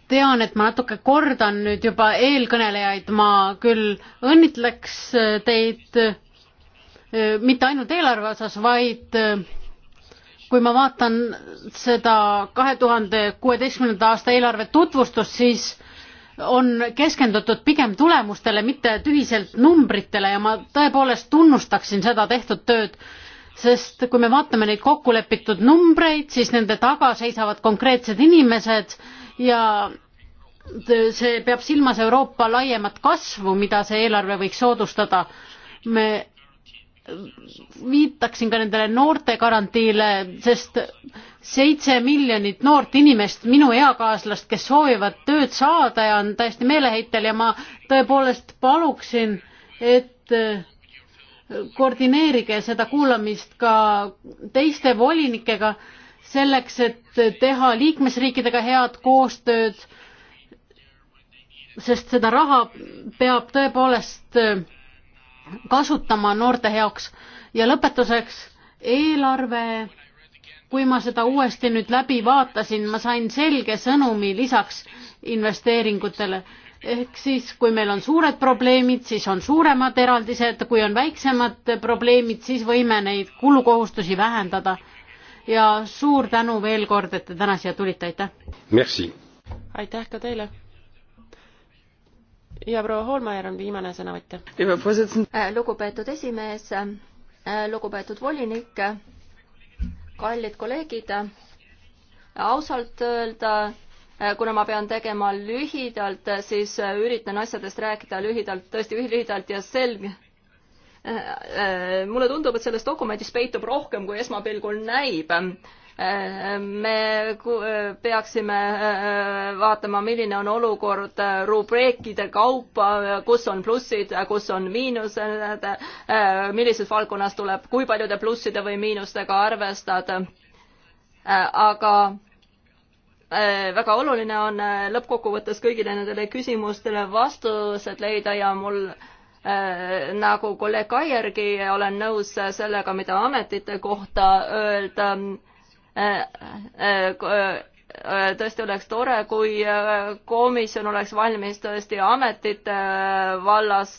Speaker 3: tean, et ma natuke kordan nüüd juba eelkõnelejaid, ma küll õnnitleks teid e, mitte ainult eelarve osas, vaid e, kui ma vaatan seda kahe tuhande kuueteistkümnenda aasta eelarve tutvustust, siis on keskendutud pigem tulemustele, mitte tühiselt numbritele ja ma tõepoolest tunnustaksin seda tehtud tööd sest kui me vaatame neid kokkulepitud numbreid, siis nende taga seisavad konkreetsed inimesed ja see peab silmas Euroopa laiemat kasvu, mida see eelarve võiks soodustada. me viitaksin ka nendele noortegarantiile, sest seitse miljonit noort inimest, minu eakaaslast, kes soovivad tööd saada ja on täiesti meeleheitel ja ma tõepoolest paluksin, et koordineerige seda kuulamist ka teiste volinikega, selleks et teha liikmesriikidega head koostööd, sest seda raha peab tõepoolest kasutama noorte heaks. ja lõpetuseks eelarve, kui ma seda uuesti nüüd läbi vaatasin, ma sain selge sõnumi lisaks investeeringutele ehk siis, kui meil on suured probleemid, siis on suuremad eraldised, kui on väiksemad probleemid, siis võime neid kulukohustusi vähendada. ja suur tänu veel kord, et te täna siia tulite, aitäh! aitäh ka teile!
Speaker 2: ja proua Hoolmeier on viimane sõnavõtja.
Speaker 1: Äh, lugupeetud esimees, äh, lugupeetud volinik, kallid kolleegid, äh, ausalt öelda Äh, kuna ma pean tegema lühidalt, siis äh, üritan asjadest rääkida lühidalt, tõesti lühidalt ja selg-. Äh, mulle tundub, et selles dokumendis peitub rohkem, kui esmapilgul näib me peaksime vaatama, milline on olukord rubriikide kaupa, kus on plussid, kus on miinused, millises valdkonnas tuleb kui paljude plusside või miinustega arvestada. aga Äh, väga oluline on äh, lõppkokkuvõttes kõigile nendele küsimustele vastused leida ja mul äh, nagu kolleeg Kaiergi olen nõus sellega, mida ametite kohta öelda. tõesti oleks tore, kui komisjon oleks valmis tõesti ametite vallas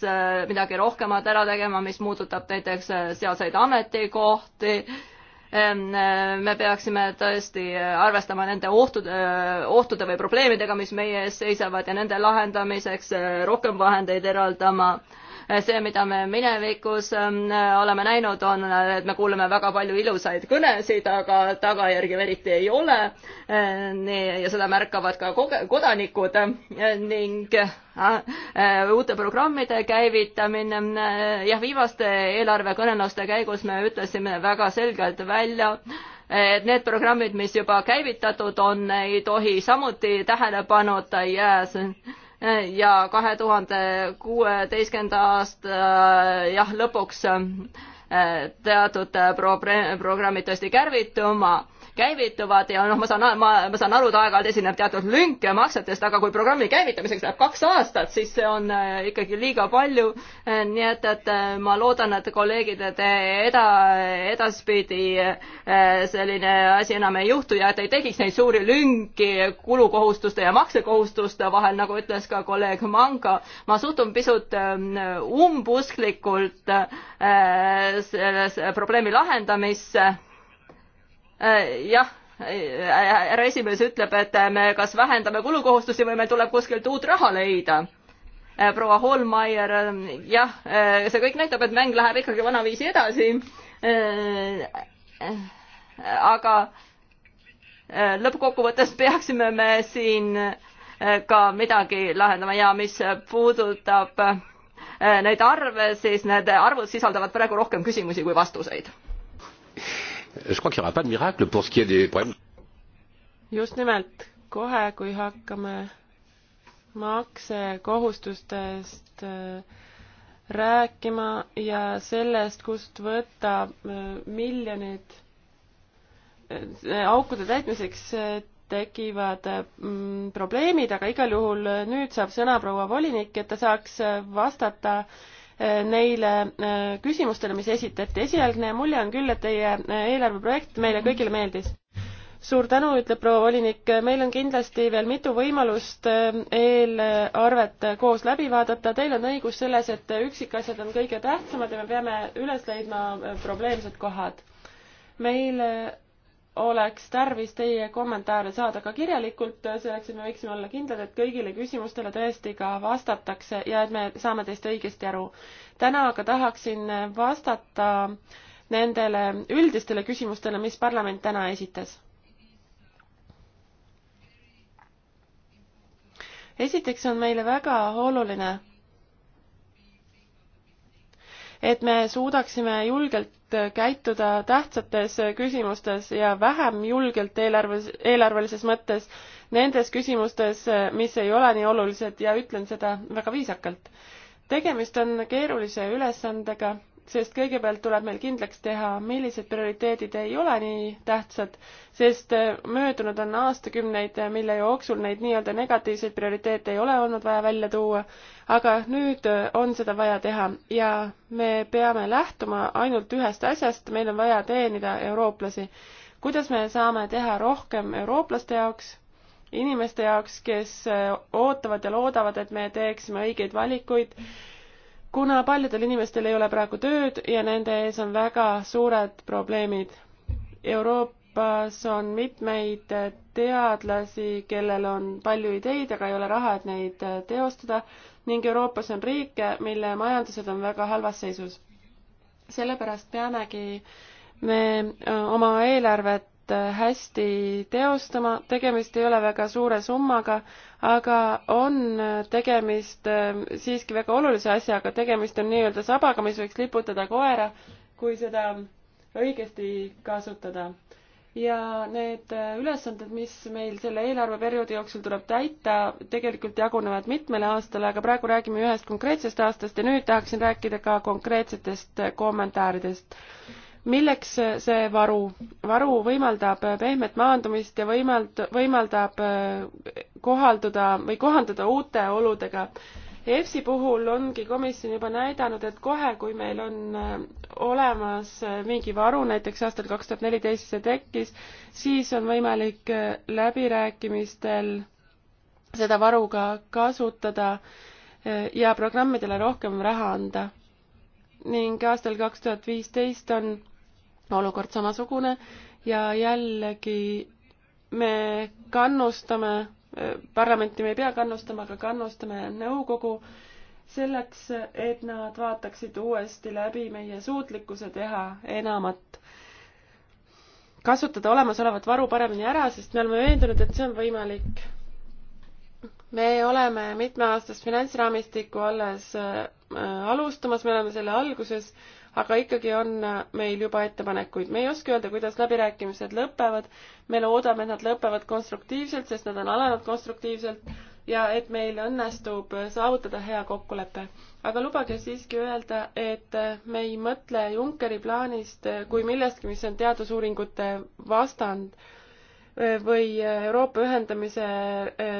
Speaker 1: midagi rohkemat ära tegema, mis puudutab näiteks sealseid ametikohti Ehm, ehm, me peaksime tõesti äh, arvestama nende ohtude, äh, ohtude või probleemidega, mis meie ees seisavad ja nende lahendamiseks äh, rohkem vahendeid eraldama see, mida me minevikus ähm, oleme näinud, on, et me kuuleme väga palju ilusaid kõnesid, aga tagajärgi eriti ei ole. Äh, nii, ja seda märkavad ka kodanikud äh, ning äh, uute programmide käivitamine. jah, viimaste eelarvekõneluste käigus me ütlesime väga selgelt välja, et need programmid, mis juba käivitatud on, ei tohi samuti tähelepanuta jääda ja kahe tuhande kuueteistkümnenda aasta äh, jah, lõpuks äh, teatud äh, pro-, programmid tõesti kärviti oma käivituvad ja noh, ma saan, ma, ma saan aru, et aeg-ajalt esineb teatud lünke maksetest, aga kui programmi käivitamiseks läheb kaks aastat, siis see on äh, ikkagi liiga palju. Äh, nii et, et äh, ma loodan, et kolleegid, et eda-, edaspidi selline asi enam ei juhtu ja et ei tekiks neid suuri lünki kulukohustuste ja maksekohustuste vahel, nagu ütles ka kolleeg Manga. ma suhtun pisut umbusklikult selles probleemi lahendamisse Äh, jah, äh, äh, härra esimees ütleb, et me kas vähendame kulukohustusi või meil tuleb kuskilt uut raha leida. proua Holmeier, jah, see kõik näitab, et mäng läheb ikkagi vanaviisi edasi. aga lõppkokkuvõttes peaksime me siin ka midagi lahendama ja mis puudutab neid arve, siis need arvud sisaldavad praegu rohkem küsimusi kui vastuseid
Speaker 2: just nimelt, kohe kui hakkame maksekohustustest äh, rääkima ja sellest, kust võtta äh, miljonid äh, aukude täitmiseks, tekivad mm, probleemid, aga igal juhul nüüd saab sõna proua volinik, et ta saaks vastata neile äh, küsimustele, mis esitati. esialgne mulje on küll, et teie äh, eelarveprojekt meile kõigile meeldis. suur tänu, ütleb proua volinik, meil on kindlasti veel mitu võimalust äh, eelarvet koos läbi vaadata, teil on õigus selles, et üksikasjad on kõige tähtsamad ja me peame üles leidma probleemsed kohad. meil oleks tarvis teie kommentaare saada ka kirjalikult, selleks et me võiksime olla kindlad, et kõigile küsimustele tõesti ka vastatakse ja et me saame teist õigesti aru. täna aga tahaksin vastata nendele üldistele küsimustele, mis parlament täna esitas. esiteks on meile väga oluline et me suudaksime julgelt käituda tähtsates küsimustes ja vähem julgelt eelarves, eelarvelises mõttes nendes küsimustes, mis ei ole nii olulised ja ütlen seda väga viisakalt. tegemist on keerulise ülesandega sest kõigepealt tuleb meil kindlaks teha, millised prioriteedid ei ole nii tähtsad, sest möödunud on aastakümneid, mille jooksul neid nii-öelda negatiivseid prioriteete ei ole olnud vaja välja tuua, aga nüüd on seda vaja teha ja me peame lähtuma ainult ühest asjast, meil on vaja teenida eurooplasi. kuidas me saame teha rohkem eurooplaste jaoks? inimeste jaoks, kes ootavad ja loodavad, et me teeksime õigeid valikuid mm, kuna paljudel inimestel ei ole praegu tööd ja nende ees on väga suured probleemid. Euroopas on mitmeid teadlasi, kellel on palju ideid, aga ei ole raha, et neid teostada ning Euroopas on riike, mille majandused on väga halvas seisus. sellepärast peamegi me oma eelarvet hästi teostama, tegemist ei ole väga suure summaga, aga on tegemist ehm, siiski väga olulise asjaga, tegemist on nii-öelda sabaga, mis võiks liputada koera, kui seda õigesti kasutada. ja need ehm, ülesanded, mis meil selle eelarveperioodi jooksul tuleb täita, tegelikult jagunevad mitmele aastale, aga praegu räägime ühest konkreetsest aastast ja nüüd tahaksin rääkida ka konkreetsetest kommentaaridest milleks see varu? varu võimaldab pehmet maandumist ja võimald-, võimaldab eh, kohalduda või kohanduda uute oludega. EFSi puhul ongi komisjon juba näidanud, et kohe, kui meil on eh, olemas eh, mingi varu, näiteks aastal kaks tuhat neliteist see tekkis, siis on võimalik läbirääkimistel seda varu ka kasutada ja programmidele rohkem raha anda. ning aastal kaks tuhat viisteist on olukord samasugune ja jällegi me kannustame, parlamenti me ei pea kannustama, aga kannustame nõukogu selleks, et nad vaataksid uuesti läbi meie suutlikkuse teha enamat kasutada olemasolevat varu paremini ära, sest me oleme veendunud, et see on võimalik. me oleme mitmeaastast finantsraamistikku alles äh, alustamas, me oleme selle alguses, aga ikkagi on äh, meil juba ettepanekuid. me ei oska öelda, kuidas läbirääkimised lõpevad. me loodame, et nad lõpevad konstruktiivselt, sest nad on alanud konstruktiivselt ja et meil õnnestub saavutada hea kokkulepe. aga lubage siiski öelda, et äh, me ei mõtle Junckeri plaanist äh, kui millestki, mis on teadusuuringute vastand või Euroopa ühendamise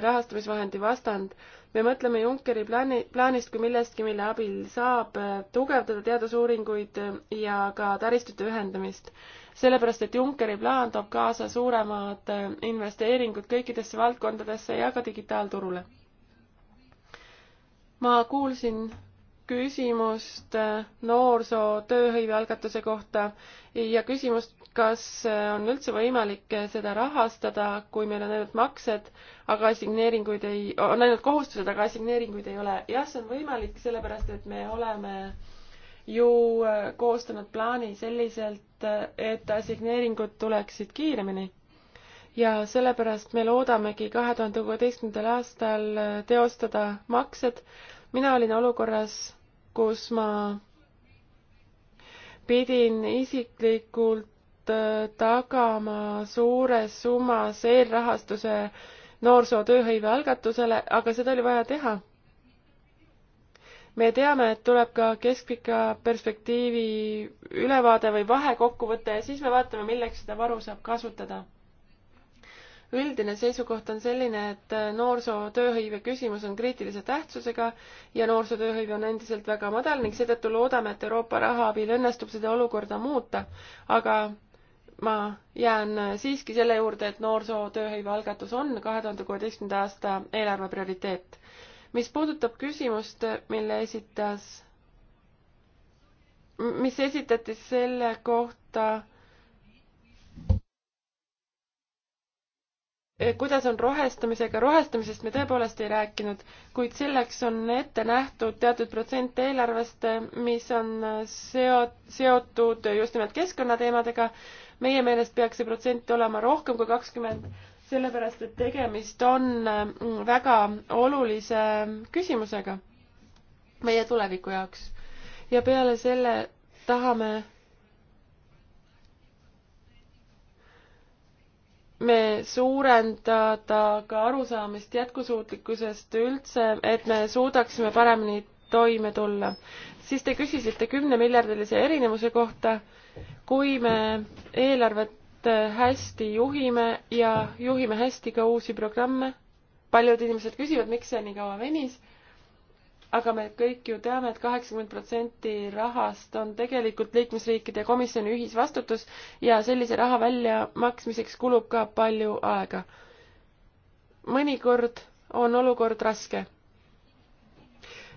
Speaker 2: rahastamisvahendi vastand me mõtleme Junckeri plaani, plaanist kui millestki, mille abil saab äh, tugevdada teadusuuringuid äh, ja ka taristute ühendamist. sellepärast, et Junckeri plaan toob kaasa suuremad äh, investeeringud kõikidesse valdkondadesse ja ka digitaalturule. ma kuulsin küsimust äh, noorsoo tööhõive algatuse kohta ja küsimust, kas äh, on üldse võimalik äh, seda rahastada, kui meil on ainult maksed, aga assigneeringuid ei, on ainult kohustused, aga assigneeringuid ei ole. jah, see on võimalik, sellepärast et me oleme ju koostanud plaani selliselt, et assigneeringud tuleksid kiiremini ja sellepärast me loodamegi kahe tuhande kuueteistkümnendal aastal teostada maksed. mina olin olukorras, kus ma pidin isiklikult äh, tagama suures summas eelrahastuse noorsoo tööhõive algatusele, aga seda oli vaja teha. me teame, et tuleb ka keskpika perspektiivi ülevaade või vahekokkuvõte ja siis me vaatame, milleks seda varu saab kasutada üldine seisukoht on selline, et äh, noorsootööhõive küsimus on kriitilise tähtsusega ja noorsootööhõive on endiselt väga madal ning seetõttu loodame, et Euroopa raha abil õnnestub seda olukorda muuta. aga ma jään äh, siiski selle juurde, et noorsootööhõive algatus on kahe tuhande kuueteistkümnenda aasta eelarve prioriteet. mis puudutab küsimust, mille esitas, mis esitati selle kohta, Eh, kuidas on rohestamisega, rohestamisest me tõepoolest ei rääkinud, kuid selleks on ette nähtud teatud protsent eelarvest, mis on eh, seo-, seotud just nimelt keskkonnateemadega. meie meelest peaks see protsent olema rohkem kui kakskümmend, sellepärast et tegemist on mm, väga olulise küsimusega meie tuleviku jaoks. ja peale selle tahame me suurendada ka arusaamist jätkusuutlikkusest üldse, et me suudaksime paremini toime tulla. siis te küsisite kümnemiljardilise erinevuse kohta. kui me eelarvet hästi juhime ja juhime hästi ka uusi programme, paljud inimesed küsivad, miks see nii kaua venis aga me kõik ju teame et, et kaheksakümmend protsenti rahast on tegelikult liikmesriikide ja komisjoni ühisvastutus ja sellise raha väljamaksmiseks kulub ka palju aega. mõnikord on olukord raske.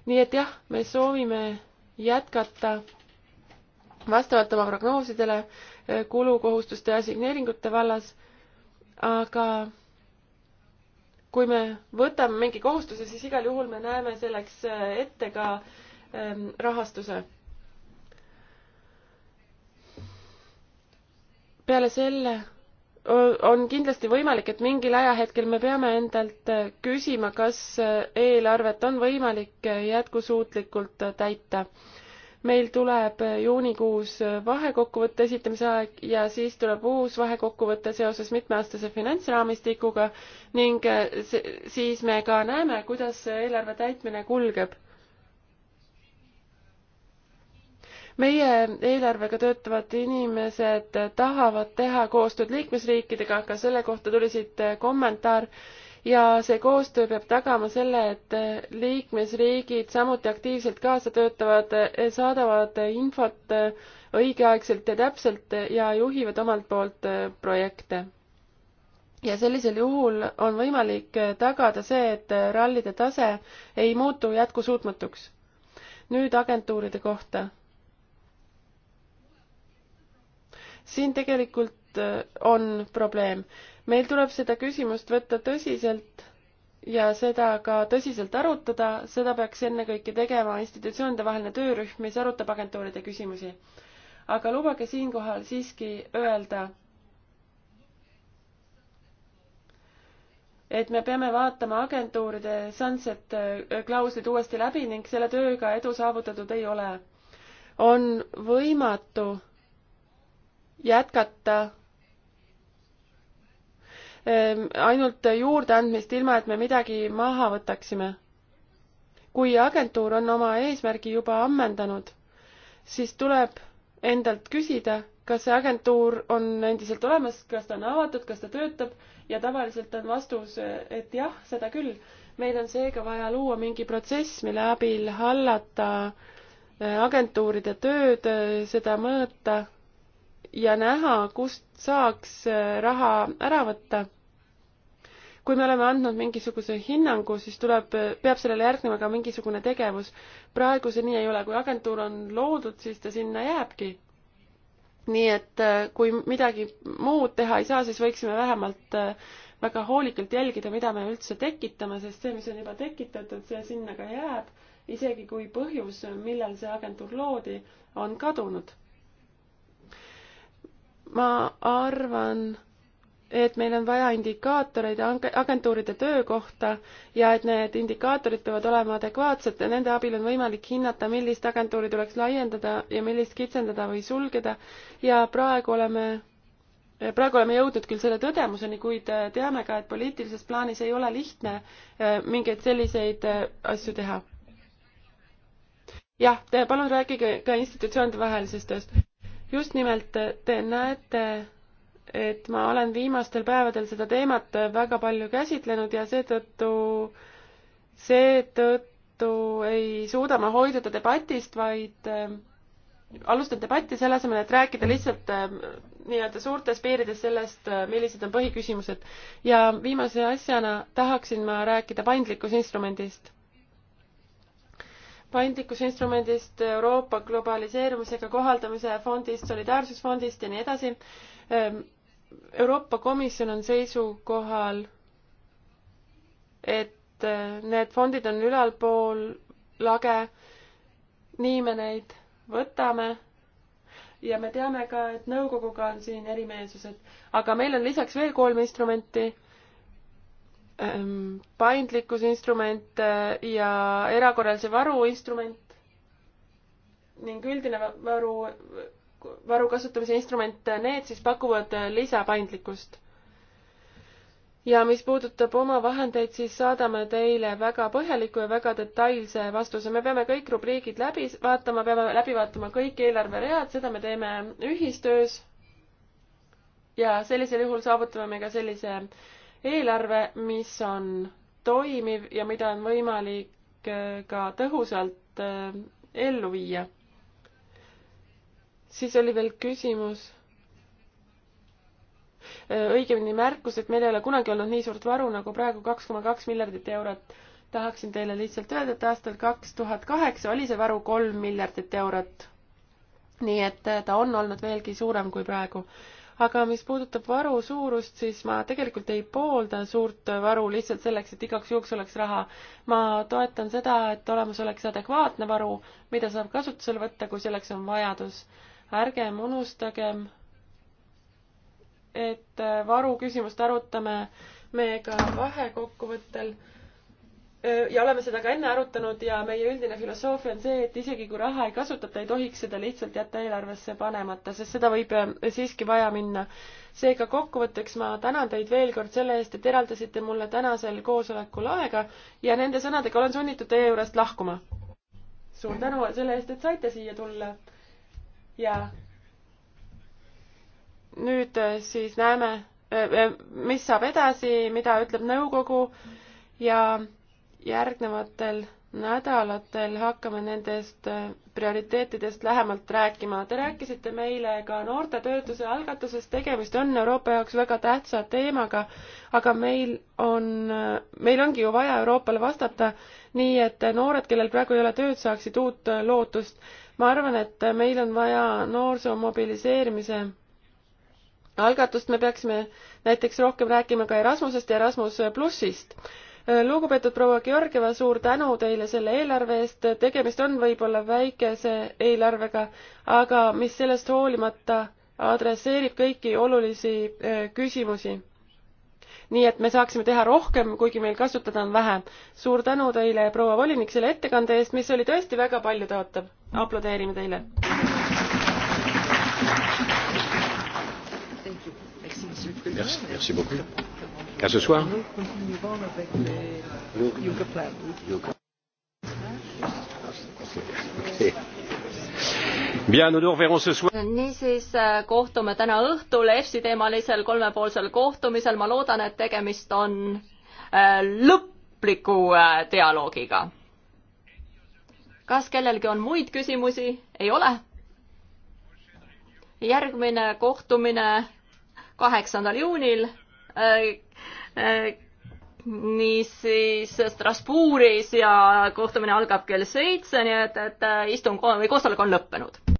Speaker 2: nii et jah, me soovime jätkata vastavalt oma prognoosidele kulukohustuste assigneeringute vallas, aga kui me võtame mingi kohustuse, siis igal juhul me näeme selleks äh, ette ka ähm, rahastuse. peale selle on kindlasti võimalik, et mingil ajahetkel me peame endalt äh, küsima, kas äh, eelarvet on võimalik jätkusuutlikult täita meil tuleb juunikuus vahekokkuvõtte esitamise aeg ja siis tuleb uus vahekokkuvõte seoses mitmeaastase finantsraamistikuga ning siis me ka näeme, kuidas eelarve täitmine kulgeb. meie eelarvega töötavad inimesed tahavad teha koostööd liikmesriikidega, ka selle kohta tuli siit kommentaar ja see koostöö peab tagama selle, et liikmesriigid samuti aktiivselt kaasa töötavad, saadavad infot õigeaegselt ja täpselt ja juhivad omalt poolt projekte. ja sellisel juhul on võimalik tagada see, et rallide tase ei muutu jätkusuutmatuks. nüüd agentuuride kohta. siin tegelikult on probleem meil tuleb seda küsimust võtta tõsiselt ja seda ka tõsiselt arutada, seda peaks ennekõike tegema institutsioonide vaheline töörühm, mis arutab agentuuride küsimusi. aga lubage siinkohal siiski öelda, et me peame vaatama agentuuride sunset äh, klauslid uuesti läbi ning selle tööga edu saavutatud ei ole. on võimatu jätkata Ehm, ainult juurdeandmist, ilma et me midagi maha võtaksime. kui agentuur on oma eesmärgi juba ammendanud, siis tuleb endalt küsida, kas see agentuur on endiselt olemas, kas ta on avatud, kas ta töötab ja tavaliselt on vastus, et jah, seda küll. meil on seega vaja luua mingi protsess, mille abil hallata eh, agentuuride tööd, eh, seda mõõta ja näha, kust saaks eh, raha ära võtta kui me oleme andnud mingisuguse hinnangu, siis tuleb, peab sellele järgnema ka mingisugune tegevus. praegu see nii ei ole, kui agentuur on loodud, siis ta sinna jääbki. nii et äh, kui midagi muud teha ei saa, siis võiksime vähemalt äh, väga hoolikalt jälgida, mida me üldse tekitame, sest see, mis on juba tekitatud, see sinna ka jääb, isegi kui põhjus, millal see agentuur loodi, on kadunud. ma arvan et meil on vaja indikaatoreid agentuuride töö kohta ja et need indikaatorid peavad olema adekvaatsed ja nende abil on võimalik hinnata, millist agentuuri tuleks laiendada ja millist kitsendada või sulgeda. ja praegu oleme, praegu oleme jõudnud küll selle tõdemuseni, kuid äh, teame ka, et poliitilises plaanis ei ole lihtne äh, mingeid selliseid äh, asju teha. jah, te palun rääkige ka institutsioonide vahelisest tööst. just nimelt te näete et ma olen viimastel päevadel seda teemat väga palju käsitlenud ja seetõttu, seetõttu ei suuda ma hoiduda debatist, vaid äh, alustan debatti selle asemel, et rääkida lihtsalt äh, nii-öelda suurtes piirides sellest, äh, millised on põhiküsimused. ja viimase asjana tahaksin ma rääkida paindlikkusinstrumendist. paindlikkusinstrumendist, Euroopa globaliseerumisega kohaldamise fondist, solidaarsusfondist ja nii edasi ähm, Euroopa Komisjon on seisukohal, et äh, need fondid on ülalpool lage, nii me neid võtame ja me teame ka, et nõukoguga on siin erimeelsused, aga meil on lisaks veel kolm instrumenti ähm,, paindlikkusinstrument äh, ja erakorralise varu instrument ning üldine varu varu kasutamise instrument, need siis pakuvad lisapaindlikkust. ja mis puudutab omavahendeid, siis saadame teile väga põhjaliku ja väga detailse vastuse. me peame kõik rubriigid läbi vaatama, peame läbi vaatama kõik eelarveread, seda me teeme ühistöös. ja sellisel juhul saavutame me ka sellise eelarve, mis on toimiv ja mida on võimalik äh, ka tõhusalt äh, ellu viia siis oli veel küsimus, äh, õigemini märkus, et meil ei ole kunagi olnud nii suurt varu nagu praegu kaks koma kaks miljardit eurot. tahaksin teile lihtsalt öelda, et aastal kaks tuhat kaheksa oli see varu kolm miljardit eurot. nii et äh, ta on olnud veelgi suurem kui praegu aga mis puudutab varu suurust, siis ma tegelikult ei poolda suurt varu lihtsalt selleks, et igaks juhuks oleks raha. ma toetan seda, et olemas oleks adekvaatne varu, mida saab kasutusele võtta, kui selleks on vajadus ärgem unustagem, et äh, varu küsimust arutame me ka vahekokkuvõttel äh, ja oleme seda ka enne arutanud ja meie üldine filosoofia on see, et isegi kui raha ei kasutata, ei tohiks seda lihtsalt jätta eelarvesse panemata, sest seda võib äh, siiski vaja minna. seega kokkuvõtteks ma tänan teid veel kord selle eest, et eraldasite mulle tänasel koosolekul aega ja nende sõnadega olen sunnitud teie juurest lahkuma. suur tänu selle eest, et saite siia tulla ja nüüd äh, siis näeme, äh, äh, mis saab edasi, mida ütleb nõukogu ja järgnevatel nädalatel hakkame nendest prioriteetidest lähemalt rääkima. Te rääkisite meile ka noortetöötuse algatusest, tegemist on Euroopa jaoks väga tähtsa teemaga, aga meil on, meil ongi ju vaja Euroopale vastata, nii et noored, kellel praegu ei ole tööd, saaksid uut lootust ma arvan, et meil on vaja noorsoo mobiliseerimise algatust, me peaksime näiteks rohkem rääkima ka Erasmusest ja Erasmus plussist. lugupeetud proua Georgieva, suur tänu teile selle eelarve eest, tegemist on võib-olla väikese eelarvega, aga mis sellest hoolimata adresseerib kõiki olulisi eh, küsimusi nii et me saaksime teha rohkem, kuigi meil kasutada on vähe. suur tänu teile, proua volinik, selle ettekande eest, mis oli tõesti väga paljutõotav. aplodeerime teile. Merci, merci beaucoup. À ce soir. Nous
Speaker 3: continuerons avec
Speaker 2: les yoga plans. niisiis
Speaker 1: äh, kohtume täna õhtul EFSi teemalisel kolmepoolsel kohtumisel, ma loodan, et tegemist on äh, lõpliku äh, dialoogiga. kas kellelgi on muid küsimusi? ei ole? järgmine kohtumine kaheksandal juunil niisiis Strasbourgis ja kohtumine algab kell seitse, nii et, et istung on, või koosolek on lõppenud.